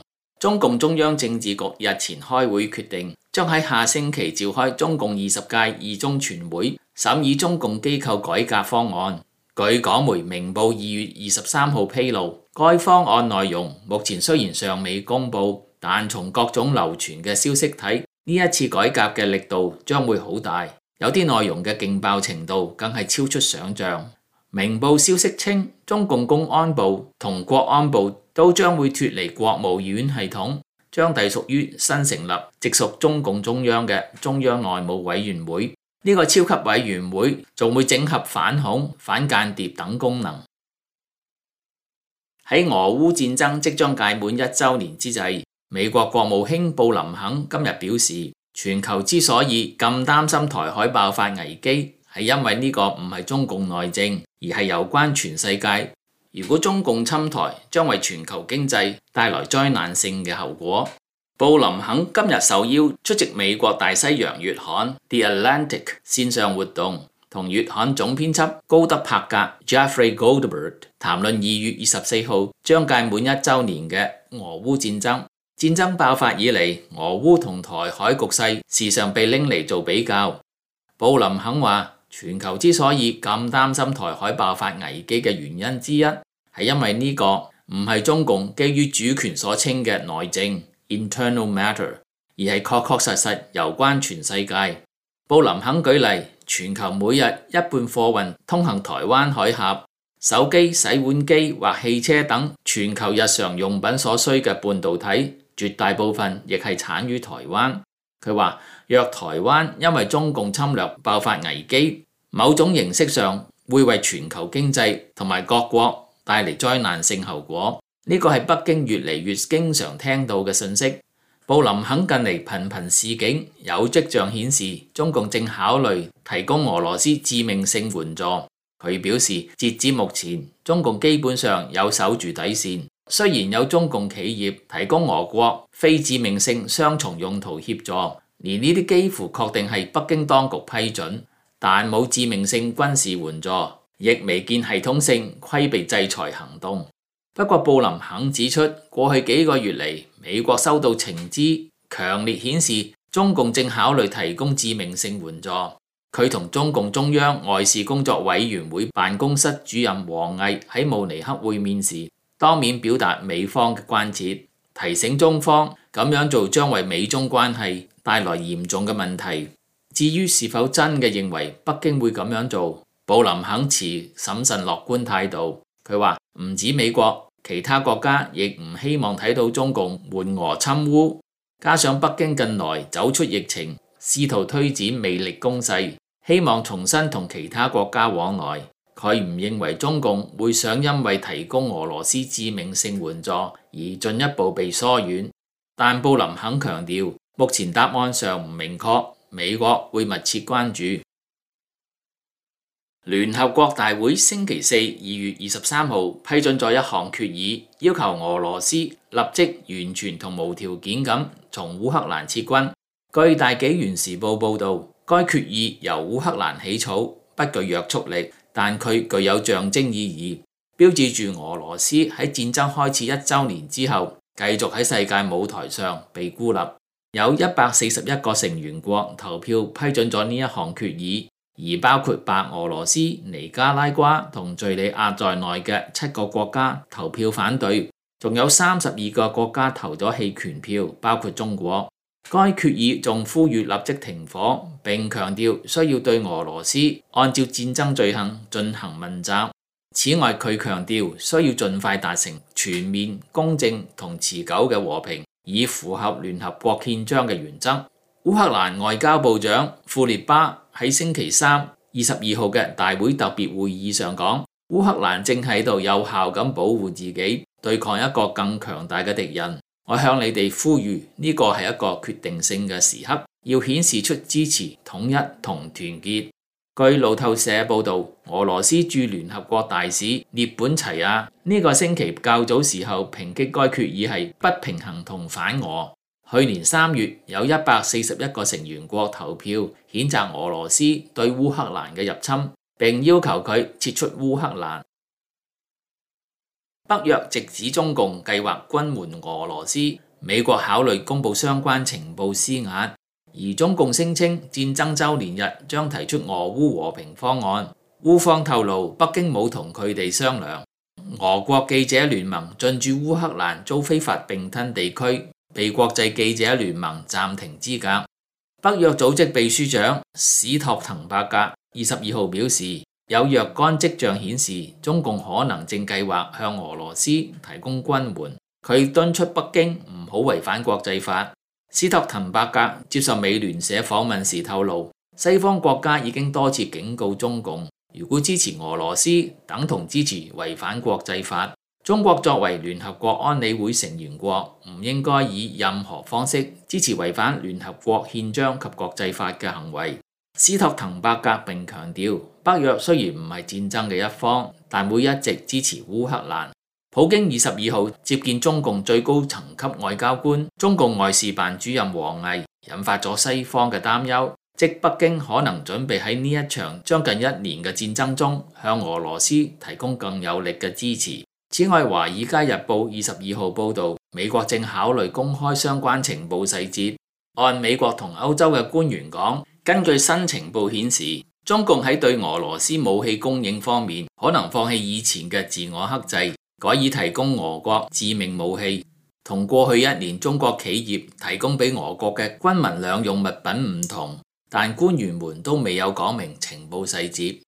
中共中央政治局日前開會決定，將喺下星期召開中共二十屆二中全會，審議中共機構改革方案。據港媒《明報》二月二十三號披露，該方案內容目前雖然尚未公布，但從各種流傳嘅消息睇，呢一次改革嘅力度將會好大，有啲內容嘅勁爆程度更係超出想象。《明報》消息稱，中共公安部同國安部。都將會脱離國務院系統，將隸屬於新成立、直屬中共中央嘅中央內務委員會。呢個超級委員會仲會整合反恐、反間諜等功能。喺俄烏戰爭即將屆滿一週年之際，美國國務卿布林肯今日表示，全球之所以咁擔心台海爆發危機，係因為呢個唔係中共內政，而係有關全世界。如果中共侵台，將為全球經濟帶來災難性嘅後果。布林肯今日受邀出席美國大西洋月刊《The Atlantic》線上活動，同月刊總編輯高德柏格 （Jeffrey Goldberg） 談論二月二十四號將屆滿一週年嘅俄烏戰爭。戰爭爆發以嚟，俄烏同台海局勢時常被拎嚟做比較。布林肯話：全球之所以咁擔心台海爆發危機嘅原因之一。係因為呢個唔係中共基於主權所稱嘅內政 （internal matter），而係確確實實有關全世界。布林肯舉例，全球每日一半貨運通行台灣海峽，手機、洗碗機或汽車等全球日常用品所需嘅半導體絕大部分亦係產於台灣。佢話：若台灣因為中共侵略爆發危機，某種形式上會為全球經濟同埋各國，帶嚟災難性後果，呢個係北京越嚟越經常聽到嘅信息。布林肯近嚟頻頻示警，有跡象顯示中共正考慮提供俄羅斯致命性援助。佢表示，截至目前，中共基本上有守住底線，雖然有中共企業提供俄國非致命性雙重用途協助，而呢啲幾乎確定係北京當局批准，但冇致命性軍事援助。亦未見系統性規避制裁行動。不過，布林肯指出，過去幾個月嚟，美國收到情資，強烈顯示中共正考慮提供致命性援助。佢同中共中央外事工作委員會辦公室主任王毅喺慕尼黑會面時，當面表達美方嘅關切，提醒中方咁樣做將為美中關係帶來嚴重嘅問題。至於是否真嘅認為北京會咁樣做？布林肯持審慎樂觀態度，佢話唔止美國，其他國家亦唔希望睇到中共援俄侵烏，加上北京近來走出疫情，試圖推展魅力攻勢，希望重新同其他國家往來，佢唔認為中共會想因為提供俄羅斯致命性援助而進一步被疏遠。但布林肯強調，目前答案尚唔明確，美國會密切關注。聯合國大會星期四二月二十三號批准咗一項決議，要求俄羅斯立即完全同無條件咁從烏克蘭撤軍。據《大紀元時報》報導，該決議由烏克蘭起草，不具約束力，但佢具有象徵意義，標誌住俄羅斯喺戰爭開始一週年之後繼續喺世界舞台上被孤立。有一百四十一個成員國投票批准咗呢一項決議。而包括白俄羅斯、尼加拉瓜同敍利亞在內嘅七個國家投票反對，仲有三十二個國家投咗棄權票，包括中國。該決議仲呼籲立即停火，並強調需要對俄羅斯按照戰爭罪行進行問責。此外，佢強調需要盡快達成全面、公正同持久嘅和平，以符合聯合國憲章嘅原則。烏克蘭外交部長庫列巴喺星期三二十二號嘅大會特別會議上講：烏克蘭正喺度有效咁保護自己，對抗一個更強大嘅敵人。我向你哋呼籲，呢個係一個決定性嘅時刻，要顯示出支持、統一同團結。據路透社報道，俄羅斯駐聯合國大使涅本齊亞呢個星期較早時候抨擊該決議係不平衡同反俄。去年三月，有一百四十一個成員國投票譴責俄羅斯對烏克蘭嘅入侵，並要求佢撤出烏克蘭。北約直指中共計劃軍援俄羅斯，美國考慮公布相關情報施壓，而中共聲稱戰爭周年日將提出俄烏和平方案。烏方透露北京冇同佢哋商量。俄國記者聯盟進駐烏克蘭遭非法併吞地區，被國際記者聯盟暫停資格。北約組織秘書長史托滕伯格二十二號表示，有若干跡象顯示中共可能正計劃向俄羅斯提供軍援。佢敦促北京唔好違反國際法。史托滕伯格接受美聯社訪問時透露，西方國家已經多次警告中共，如果支持俄羅斯，等同支持違反國際法。中國作為聯合國安理會成員國，唔應該以任何方式支持違反聯合國憲章及國際法嘅行為。斯托滕伯格並強調，北約雖然唔係戰爭嘅一方，但會一直支持烏克蘭。普京二十二號接見中共最高層級外交官，中共外事辦主任王毅，引發咗西方嘅擔憂，即北京可能準備喺呢一場將近一年嘅戰爭中，向俄羅斯提供更有力嘅支持。此外，《華爾街日報》二十二號報道，美國正考慮公開相關情報細節，按美國同歐洲嘅官員講，根據新情報顯示，中共喺對俄羅斯武器供應方面，可能放棄以前嘅自我克制，改以提供俄國致命武器，同過去一年中國企業提供俾俄國嘅軍民兩用物品唔同。但官員們都未有講明情報細節，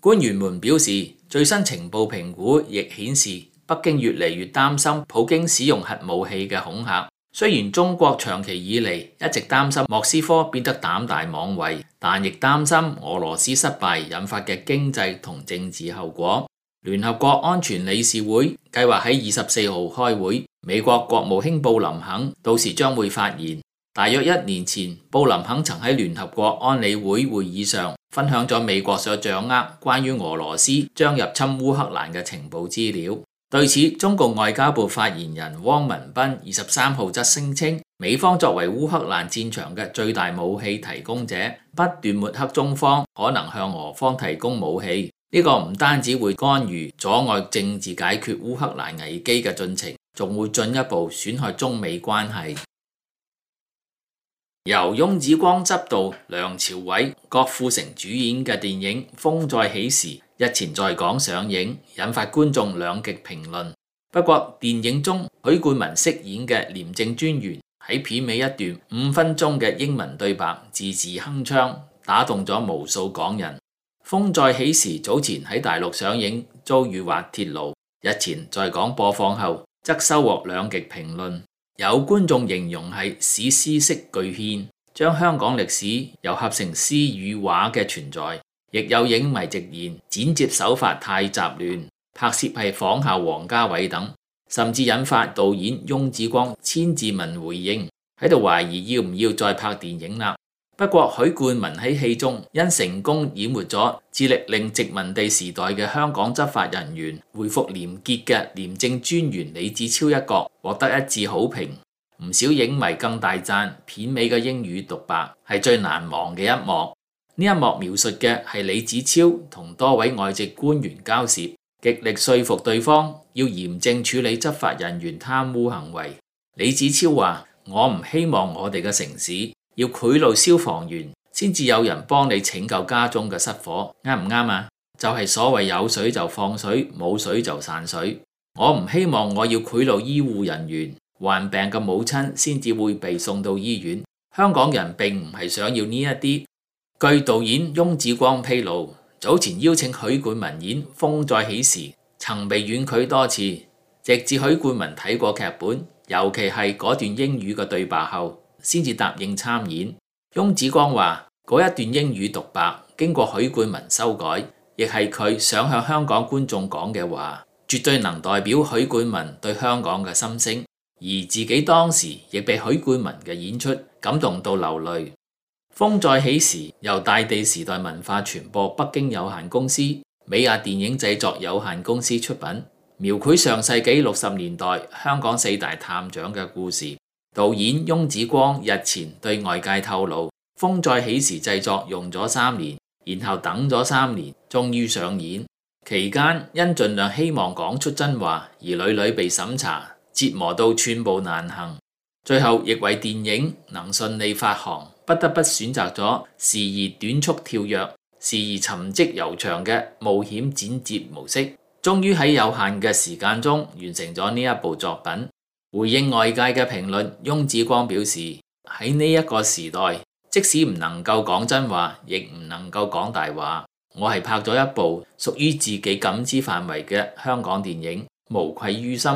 官員們表示。最新情報評估亦顯示，北京越嚟越擔心普京使用核武器嘅恐嚇。雖然中國長期以嚟一直擔心莫斯科變得膽大妄為，但亦擔心俄羅斯失敗引發嘅經濟同政治後果。聯合國安全理事會計劃喺二十四號開會，美國國務卿布林肯到時將會發言。大約一年前，布林肯曾喺聯合國安理會會議上。分享咗美國所掌握關於俄羅斯將入侵烏克蘭嘅情報資料。對此，中共外交部發言人汪文斌二十三號則聲稱，美方作為烏克蘭戰場嘅最大武器提供者，不斷抹黑中方可能向俄方提供武器，呢、這個唔單止會干預阻礙政治解決烏克蘭危機嘅進程，仲會進一步損害中美關係。由翁子光執導、梁朝偉、郭富城主演嘅電影《風再起時》日前在港上映，引發觀眾兩極評論。不過，電影中許冠文飾演嘅廉政專員喺片尾一段五分鐘嘅英文對白，字字鏗鏘，打動咗無數港人。《風再起時》早前喺大陸上映，遭遇滑鐵盧；日前在港播放後，則收穫兩極評論。有觀眾形容係史詩式巨獻，將香港歷史又合成詩與畫嘅存在；亦有影迷直言剪接手法太雜亂，拍攝係仿效王家衛等，甚至引發導演翁子光、千字文回應，喺度懷疑要唔要再拍電影啦。不過，許冠文喺戲中因成功演活咗致力令殖民地時代嘅香港執法人員恢復廉潔嘅廉政專員李子超一角，獲得一致好評。唔少影迷更大讚片尾嘅英語獨白係最難忘嘅一幕。呢一幕描述嘅係李子超同多位外籍官員交涉，極力說服對方要嚴正處理執法人員貪污行為。李子超話：我唔希望我哋嘅城市。要賄賂消防員先至有人幫你拯救家中嘅失火，啱唔啱啊？就係所謂有水就放水，冇水就散水。我唔希望我要賄賂醫護人員，患病嘅母親先至會被送到醫院。香港人並唔係想要呢一啲。據導演翁子光披露，早前邀請許冠文演《風再起時》，曾被婉拒多次，直至許冠文睇過劇本，尤其係嗰段英語嘅對白後。先至答應參演。翁子光話：嗰一段英語獨白經過許冠文修改，亦係佢想向香港觀眾講嘅話，絕對能代表許冠文對香港嘅心聲。而自己當時亦被許冠文嘅演出感動到流淚。《風再起時》由大地時代文化傳播北京有限公司、美亞電影製作有限公司出品，描繪上世紀六十年代香港四大探長嘅故事。導演翁子光日前對外界透露，《風再起時》製作用咗三年，然後等咗三年，終於上演。期間因盡量希望講出真話，而屢屢被審查，折磨到寸步難行。最後亦為電影能順利發行，不得不選擇咗時而短促跳躍、時而沉積悠長嘅冒險剪接模式，終於喺有限嘅時間中完成咗呢一部作品。回應外界嘅評論，翁子光表示：喺呢一個時代，即使唔能夠講真話，亦唔能夠講大話。我係拍咗一部屬於自己感知範圍嘅香港電影，無愧於心。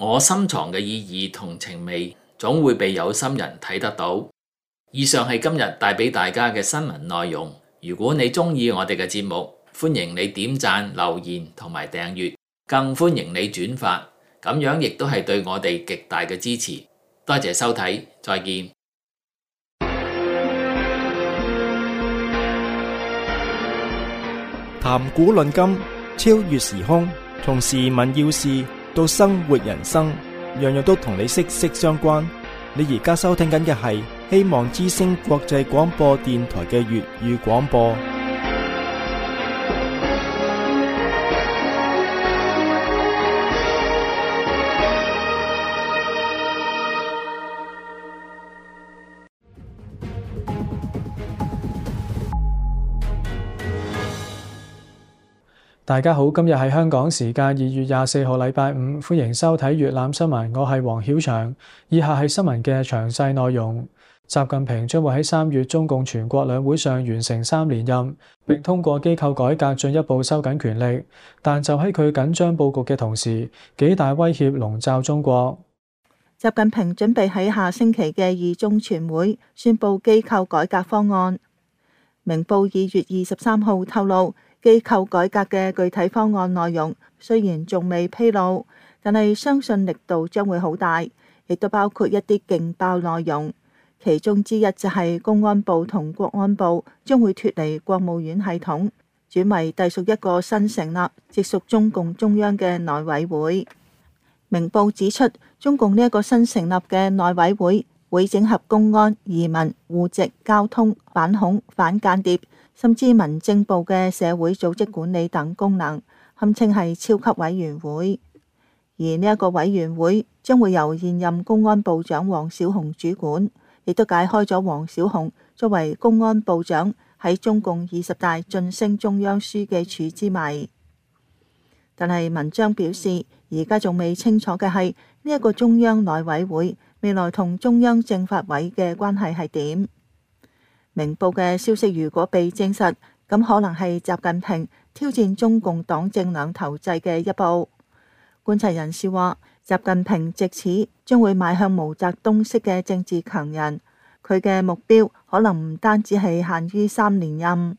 我深藏嘅意義同情味，總會被有心人睇得到。以上係今日帶俾大家嘅新聞內容。如果你中意我哋嘅節目，歡迎你點讚、留言同埋訂閱，更歡迎你轉發。咁樣亦都係對我哋極大嘅支持，多謝收睇，再見。談古論今，超越時空，從時聞要事到生活人生，樣樣都同你息息相關。你而家收聽緊嘅係希望之星國際廣播電台嘅粵語廣播。大家好，今日係香港時間二月廿四號禮拜五，歡迎收睇粵覽新聞，我係黃曉翔，以下係新聞嘅詳細內容：習近平將會喺三月中共全國兩會上完成三連任，並通過機構改革進一步收緊權力。但就喺佢緊張佈局嘅同時，幾大威脅籠罩中國。習近平準備喺下星期嘅二中全會宣佈機構改革方案。明報二月二十三號透露。機構改革嘅具體方案內容雖然仲未披露，但係相信力度將會好大，亦都包括一啲勁爆內容。其中之一就係公安部同國安部將會脱離國務院系統，轉為隸屬一個新成立、直屬中共中央嘅內委會。明報指出，中共呢一個新成立嘅內委會會整合公安、移民、戶籍、交通、反恐、反間諜。甚至民政部嘅社會組織管理等功能，堪稱係超級委員會，而呢一個委員會將會由現任公安部長王小洪主管，亦都解開咗王小洪作為公安部長喺中共二十大晉升中央書記處之謎。但係文章表示，而家仲未清楚嘅係呢一個中央內委會未來同中央政法委嘅關係，係點。明報嘅消息如果被證實，咁可能係習近平挑戰中共黨政兩頭制嘅一步。觀察人士話，習近平藉此將會邁向毛澤東式嘅政治強人，佢嘅目標可能唔單止係限於三連任，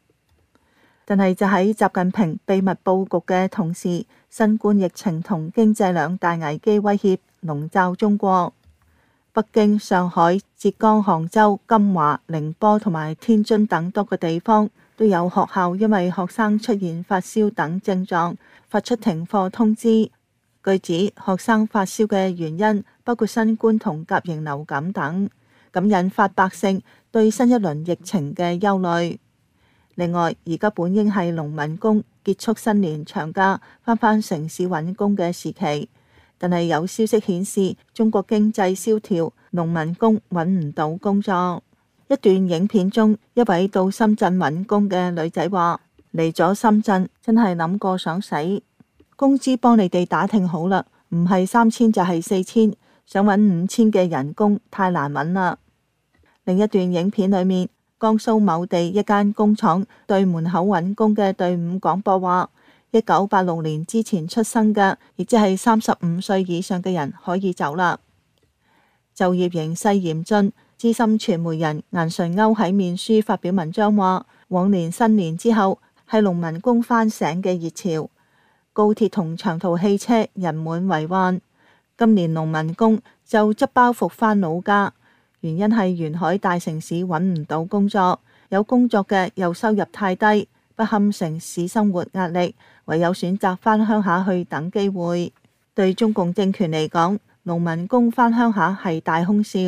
但係就喺習近平秘密佈局嘅同時，新冠疫情同經濟兩大危機威脅，籠罩中國。北京、上海、浙江杭州、金華、寧波同埋天津等多個地方都有學校，因為學生出現發燒等症狀發出停課通知。據指，學生發燒嘅原因包括新冠同甲型流感等，咁引發百姓對新一輪疫情嘅憂慮。另外，而家本應係農民工結束新年長假，翻返城市揾工嘅時期。但係有消息顯示，中國經濟蕭條，農民工揾唔到工作。一段影片中，一位到深圳揾工嘅女仔話：「嚟咗深圳，真係諗過想死。工資幫你哋打聽好啦，唔係三千就係四千，想揾五千嘅人工太難揾啦。」另一段影片裏面，江蘇某地一間工廠對門口揾工嘅隊伍廣播話。一九八六年之前出生嘅，亦即係三十五歲以上嘅人，可以走啦。就業形勢嚴峻，資深傳媒人顏純鈎喺面書發表文章話：往年新年之後係農民工翻醒嘅熱潮，高鐵同長途汽車人滿為患。今年農民工就執包袱翻老家，原因係沿海大城市揾唔到工作，有工作嘅又收入太低，不堪城市生活壓力。唯有選擇返鄉下去等機會。對中共政權嚟講，農民工返鄉下係大空笑。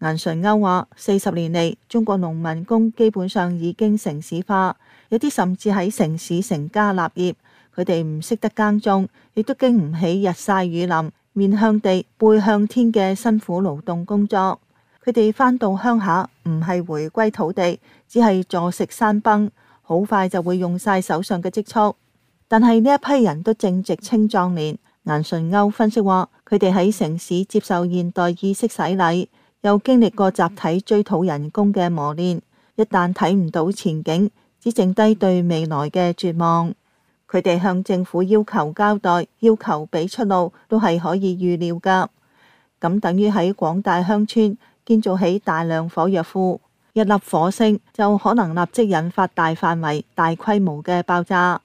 顏純歐話：四十年嚟，中國農民工基本上已經城市化，有啲甚至喺城市成家立業。佢哋唔識得耕種，亦都經唔起日曬雨淋，面向地背向天嘅辛苦勞動工作。佢哋返到鄉下唔係回歸土地，只係坐食山崩，好快就會用晒手上嘅積蓄。但係呢一批人都正值青壯年，顏順歐分析話：佢哋喺城市接受現代意識洗禮，又經歷過集體追討人工嘅磨練，一旦睇唔到前景，只剩低對未來嘅絕望。佢哋向政府要求交代、要求俾出路，都係可以預料㗎。咁等於喺廣大鄉村建造起大量火藥庫，一粒火星就可能立即引發大範圍、大規模嘅爆炸。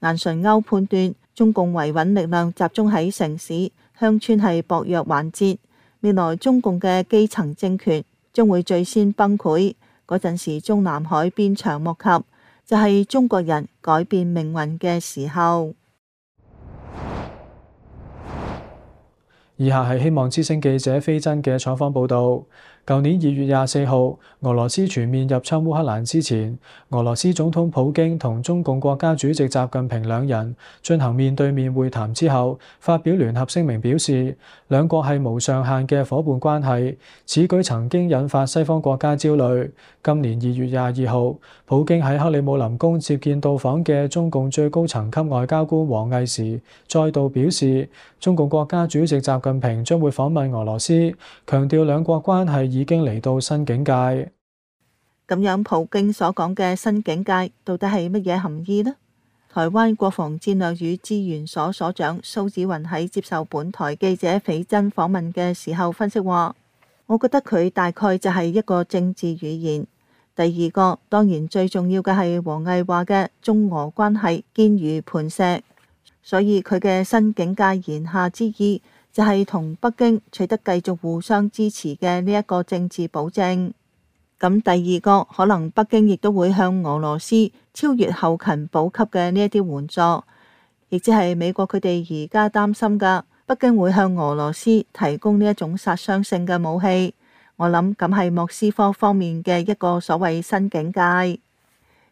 顏純歐判斷中共維穩力量集中喺城市，鄉村係薄弱環節。未來中共嘅基層政權將會最先崩潰，嗰陣時中南海鞭長莫及，就係、是、中國人改變命運嘅時候。以下係希望之聲記者飛真嘅採訪報道。舊年二月廿四號，俄羅斯全面入侵烏克蘭之前，俄羅斯總統普京同中共國家主席習近平兩人進行面對面會談之後，發表聯合聲明表示兩國係無上限嘅伙伴關係。此舉曾經引發西方國家焦慮。今年二月廿二號，普京喺克里姆林宮接見到訪嘅中共最高層級外交官王毅時，再度表示，中共國家主席習近平將會訪問俄羅斯，強調兩國關係已經嚟到新境界。咁樣，普京所講嘅新境界到底係乜嘢含義呢？台灣國防戰略與資源所所長蘇紫雲喺接受本台記者斐真訪問嘅時候分析話：我覺得佢大概就係一個政治語言。第二個當然最重要嘅係王毅話嘅中俄關係堅如磐石，所以佢嘅新境界言下之意就係同北京取得繼續互相支持嘅呢一個政治保證。咁第二個可能北京亦都會向俄羅斯超越後勤補給嘅呢一啲援助，亦即係美國佢哋而家擔心嘅，北京會向俄羅斯提供呢一種殺傷性嘅武器。我諗咁係莫斯科方面嘅一個所謂新境界。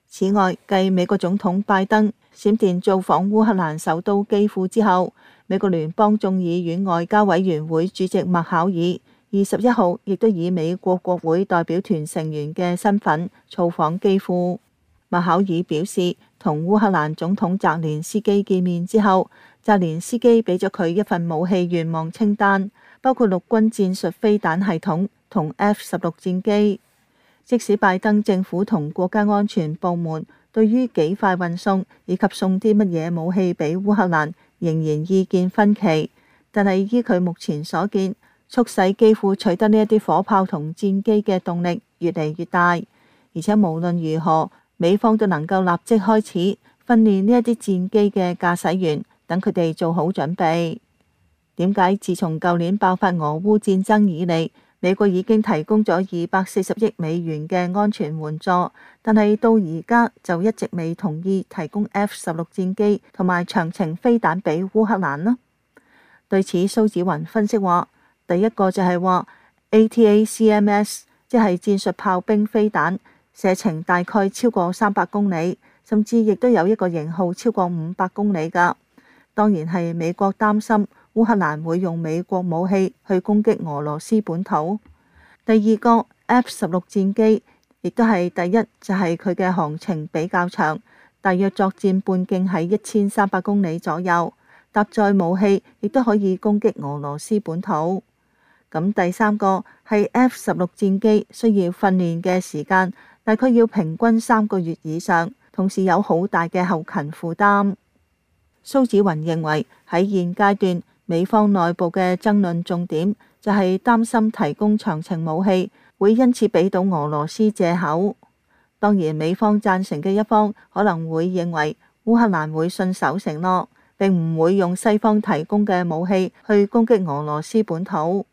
此外，繼美國總統拜登閃電造訪烏克蘭首都基輔之後，美國聯邦眾議院外交委員會主席麥考爾二十一號亦都以美國國會代表團成員嘅身份造訪基輔。麥考爾表示，同烏克蘭總統澤連斯基見面之後，澤連斯基俾咗佢一份武器願望清單，包括陸軍戰術飛彈系統同 F 十六戰機，即使拜登政府同國家安全部門對於幾快運送以及送啲乜嘢武器俾烏克蘭仍然意見分歧，但係依佢目前所見，促使基輔取得呢一啲火炮同戰機嘅動力越嚟越大，而且無論如何，美方都能夠立即開始訓練呢一啲戰機嘅駕駛員，等佢哋做好準備。點解自從舊年爆發俄烏戰爭以嚟，美國已經提供咗二百四十億美元嘅安全援助，但係到而家就一直未同意提供 F 十六戰機同埋長程飛彈俾烏克蘭啦。對此，蘇紫雲分析話，第一個就係話 ATACMS，即係戰術炮兵飛彈，射程大概超過三百公里，甚至亦都有一個型號超過五百公里㗎。當然係美國擔心。烏克蘭會用美國武器去攻擊俄羅斯本土。第二個 F 十六戰機亦都係第一，就係佢嘅航程比較長，大約作戰半徑喺一千三百公里左右，搭載武器亦都可以攻擊俄羅斯本土。咁第三個係 F 十六戰機需要訓練嘅時間，大概要平均三個月以上，同時有好大嘅後勤負擔。蘇紫雲認為，喺現階段。美方內部嘅爭論重點就係擔心提供長程武器會因此俾到俄羅斯藉口。當然，美方贊成嘅一方可能會認為烏克蘭會信守承諾，並唔會用西方提供嘅武器去攻擊俄羅斯本土。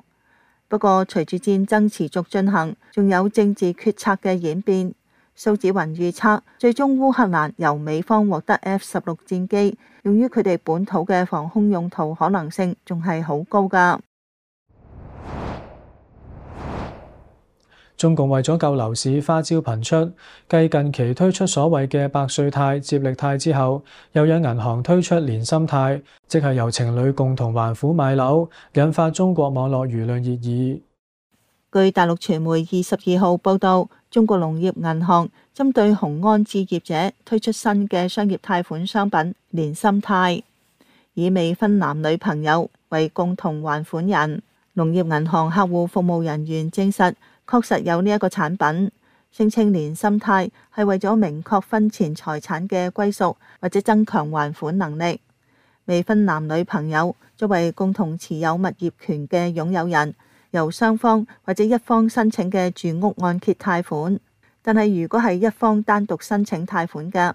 不過，隨住戰爭持續進行，仲有政治決策嘅演變。蘇紫雲預測，最終烏克蘭由美方獲得 F 十六戰機，用於佢哋本土嘅防空用途可能性仲係好高噶。中共為咗救樓市，花招頻出，繼近期推出所謂嘅百歲貸、接力貸之後，又有銀行推出連心貸，即係由情侶共同還款買樓，引發中國網絡輿論熱議。據大陸傳媒二十二號報道。中國農業銀行針對雄安置業者推出新嘅商業貸款商品連心貸，以未婚男女朋友為共同還款人。農業銀行客戶服務人員證實，確實有呢一個產品，聲稱連心貸係為咗明確婚前財產嘅歸屬或者增強還款能力。未婚男女朋友作為共同持有物業權嘅擁有人，由雙方或者一方申請嘅住屋按揭貸款，但係如果係一方單獨申請貸款嘅，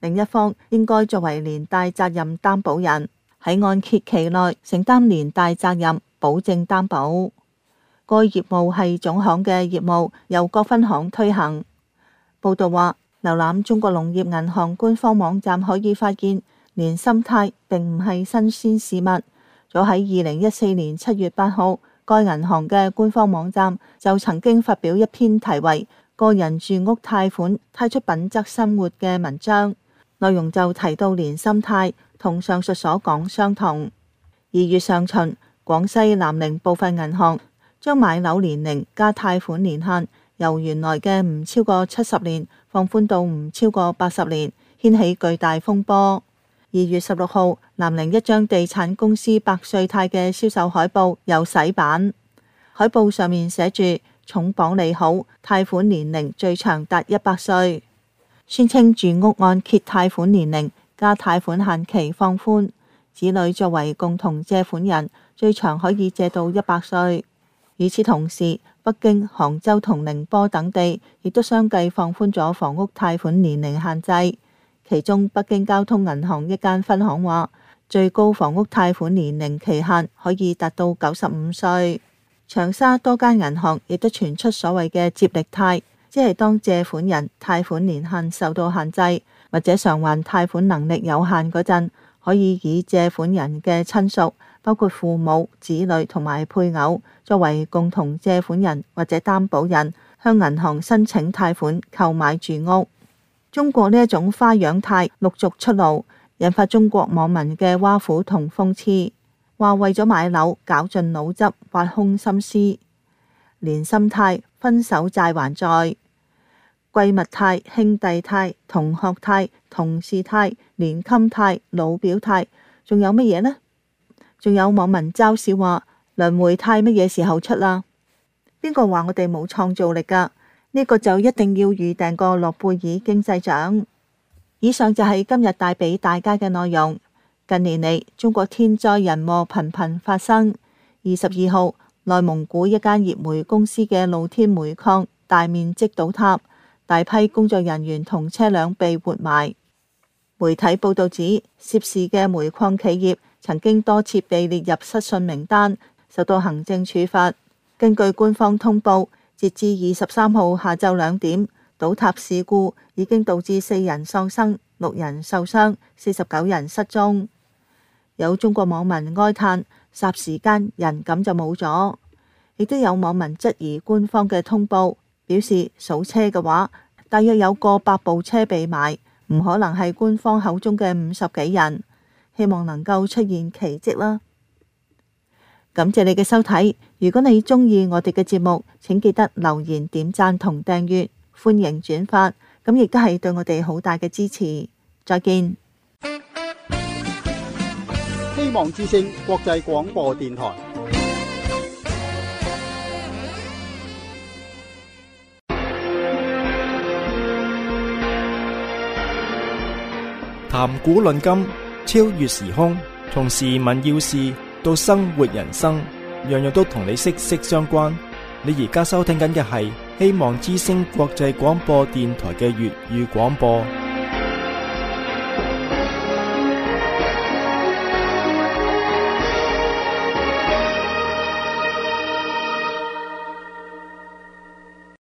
另一方應該作為連帶責任擔保人，喺按揭期內承擔連帶責任保證擔保。該業務係總行嘅業務，由各分行推行。報道話，瀏覽中國農業銀行官方網站可以發現，連心貸並唔係新鮮事物，早喺二零一四年七月八號。該銀行嘅官方網站就曾經發表一篇題為《個人住屋貸款貸出品質生活》嘅文章。內容就提到連心貸同上述所講相同。二月上旬，廣西南寧部分銀行將買樓年齡加貸款年限，由原來嘅唔超過七十年放寬到唔超過八十年，掀起巨大風波。二月十六號，南寧一張地產公司百歲貸嘅銷售海報有洗版。海報上面寫住重磅利好，貸款年齡最長達一百歲，宣稱住屋按揭貸款年齡加貸款限期放寬，子女作為共同借款人，最長可以借到一百歲。與此同時，北京、杭州同寧波等地亦都相繼放寬咗房屋貸款年齡限制。其中，北京交通銀行一間分行話，最高房屋貸款年齡期限可以達到九十五歲。長沙多間銀行亦都傳出所謂嘅接力貸，即係當借款人，貸款年限受到限制，或者償還貸款能力有限嗰陣，可以以借款人嘅親屬，包括父母、子女同埋配偶，作為共同借款人或者擔保人，向銀行申請貸款購買住屋。中國呢一種花樣貸陸續出爐，引發中國網民嘅挖苦同諷刺，話為咗買樓絞盡腦汁挖空心思，連心貸分手債還債，閨蜜貸、兄弟貸、同學貸、同事貸、連襟貸、老表貸，仲有乜嘢呢？仲有網民嘲笑話輪迴貸乜嘢時候出啦？邊個話我哋冇創造力㗎？呢個就一定要預訂個諾貝爾經濟獎。以上就係今日帶俾大家嘅內容。近年嚟，中國天災人禍頻頻發生。二十二號，內蒙古一間熱煤公司嘅露天煤礦大面積倒塌，大批工作人員同車輛被活埋。媒體報道指，涉事嘅煤礦企業曾經多次被列入失信名單，受到行政處罰。根據官方通報。截至二十三號下晝兩點，倒塌事故已經導致四人喪生、六人受傷、四十九人失蹤。有中國網民哀嘆，霎時間人咁就冇咗。亦都有網民質疑官方嘅通報，表示數車嘅話，大約有過百部車被埋埋，唔可能係官方口中嘅五十幾人。希望能夠出現奇蹟啦。感謝你嘅收睇，如果你中意我哋嘅節目，請記得留言、點讚同訂閱，歡迎轉發，咁亦都係對我哋好大嘅支持。再見。希望之聲國際廣播電台，談古論今，超越時空，從時聞要事，到生活人生，樣樣都同你息息相關。你而家收聽緊嘅係希望之聲國際廣播電台嘅粵語廣播。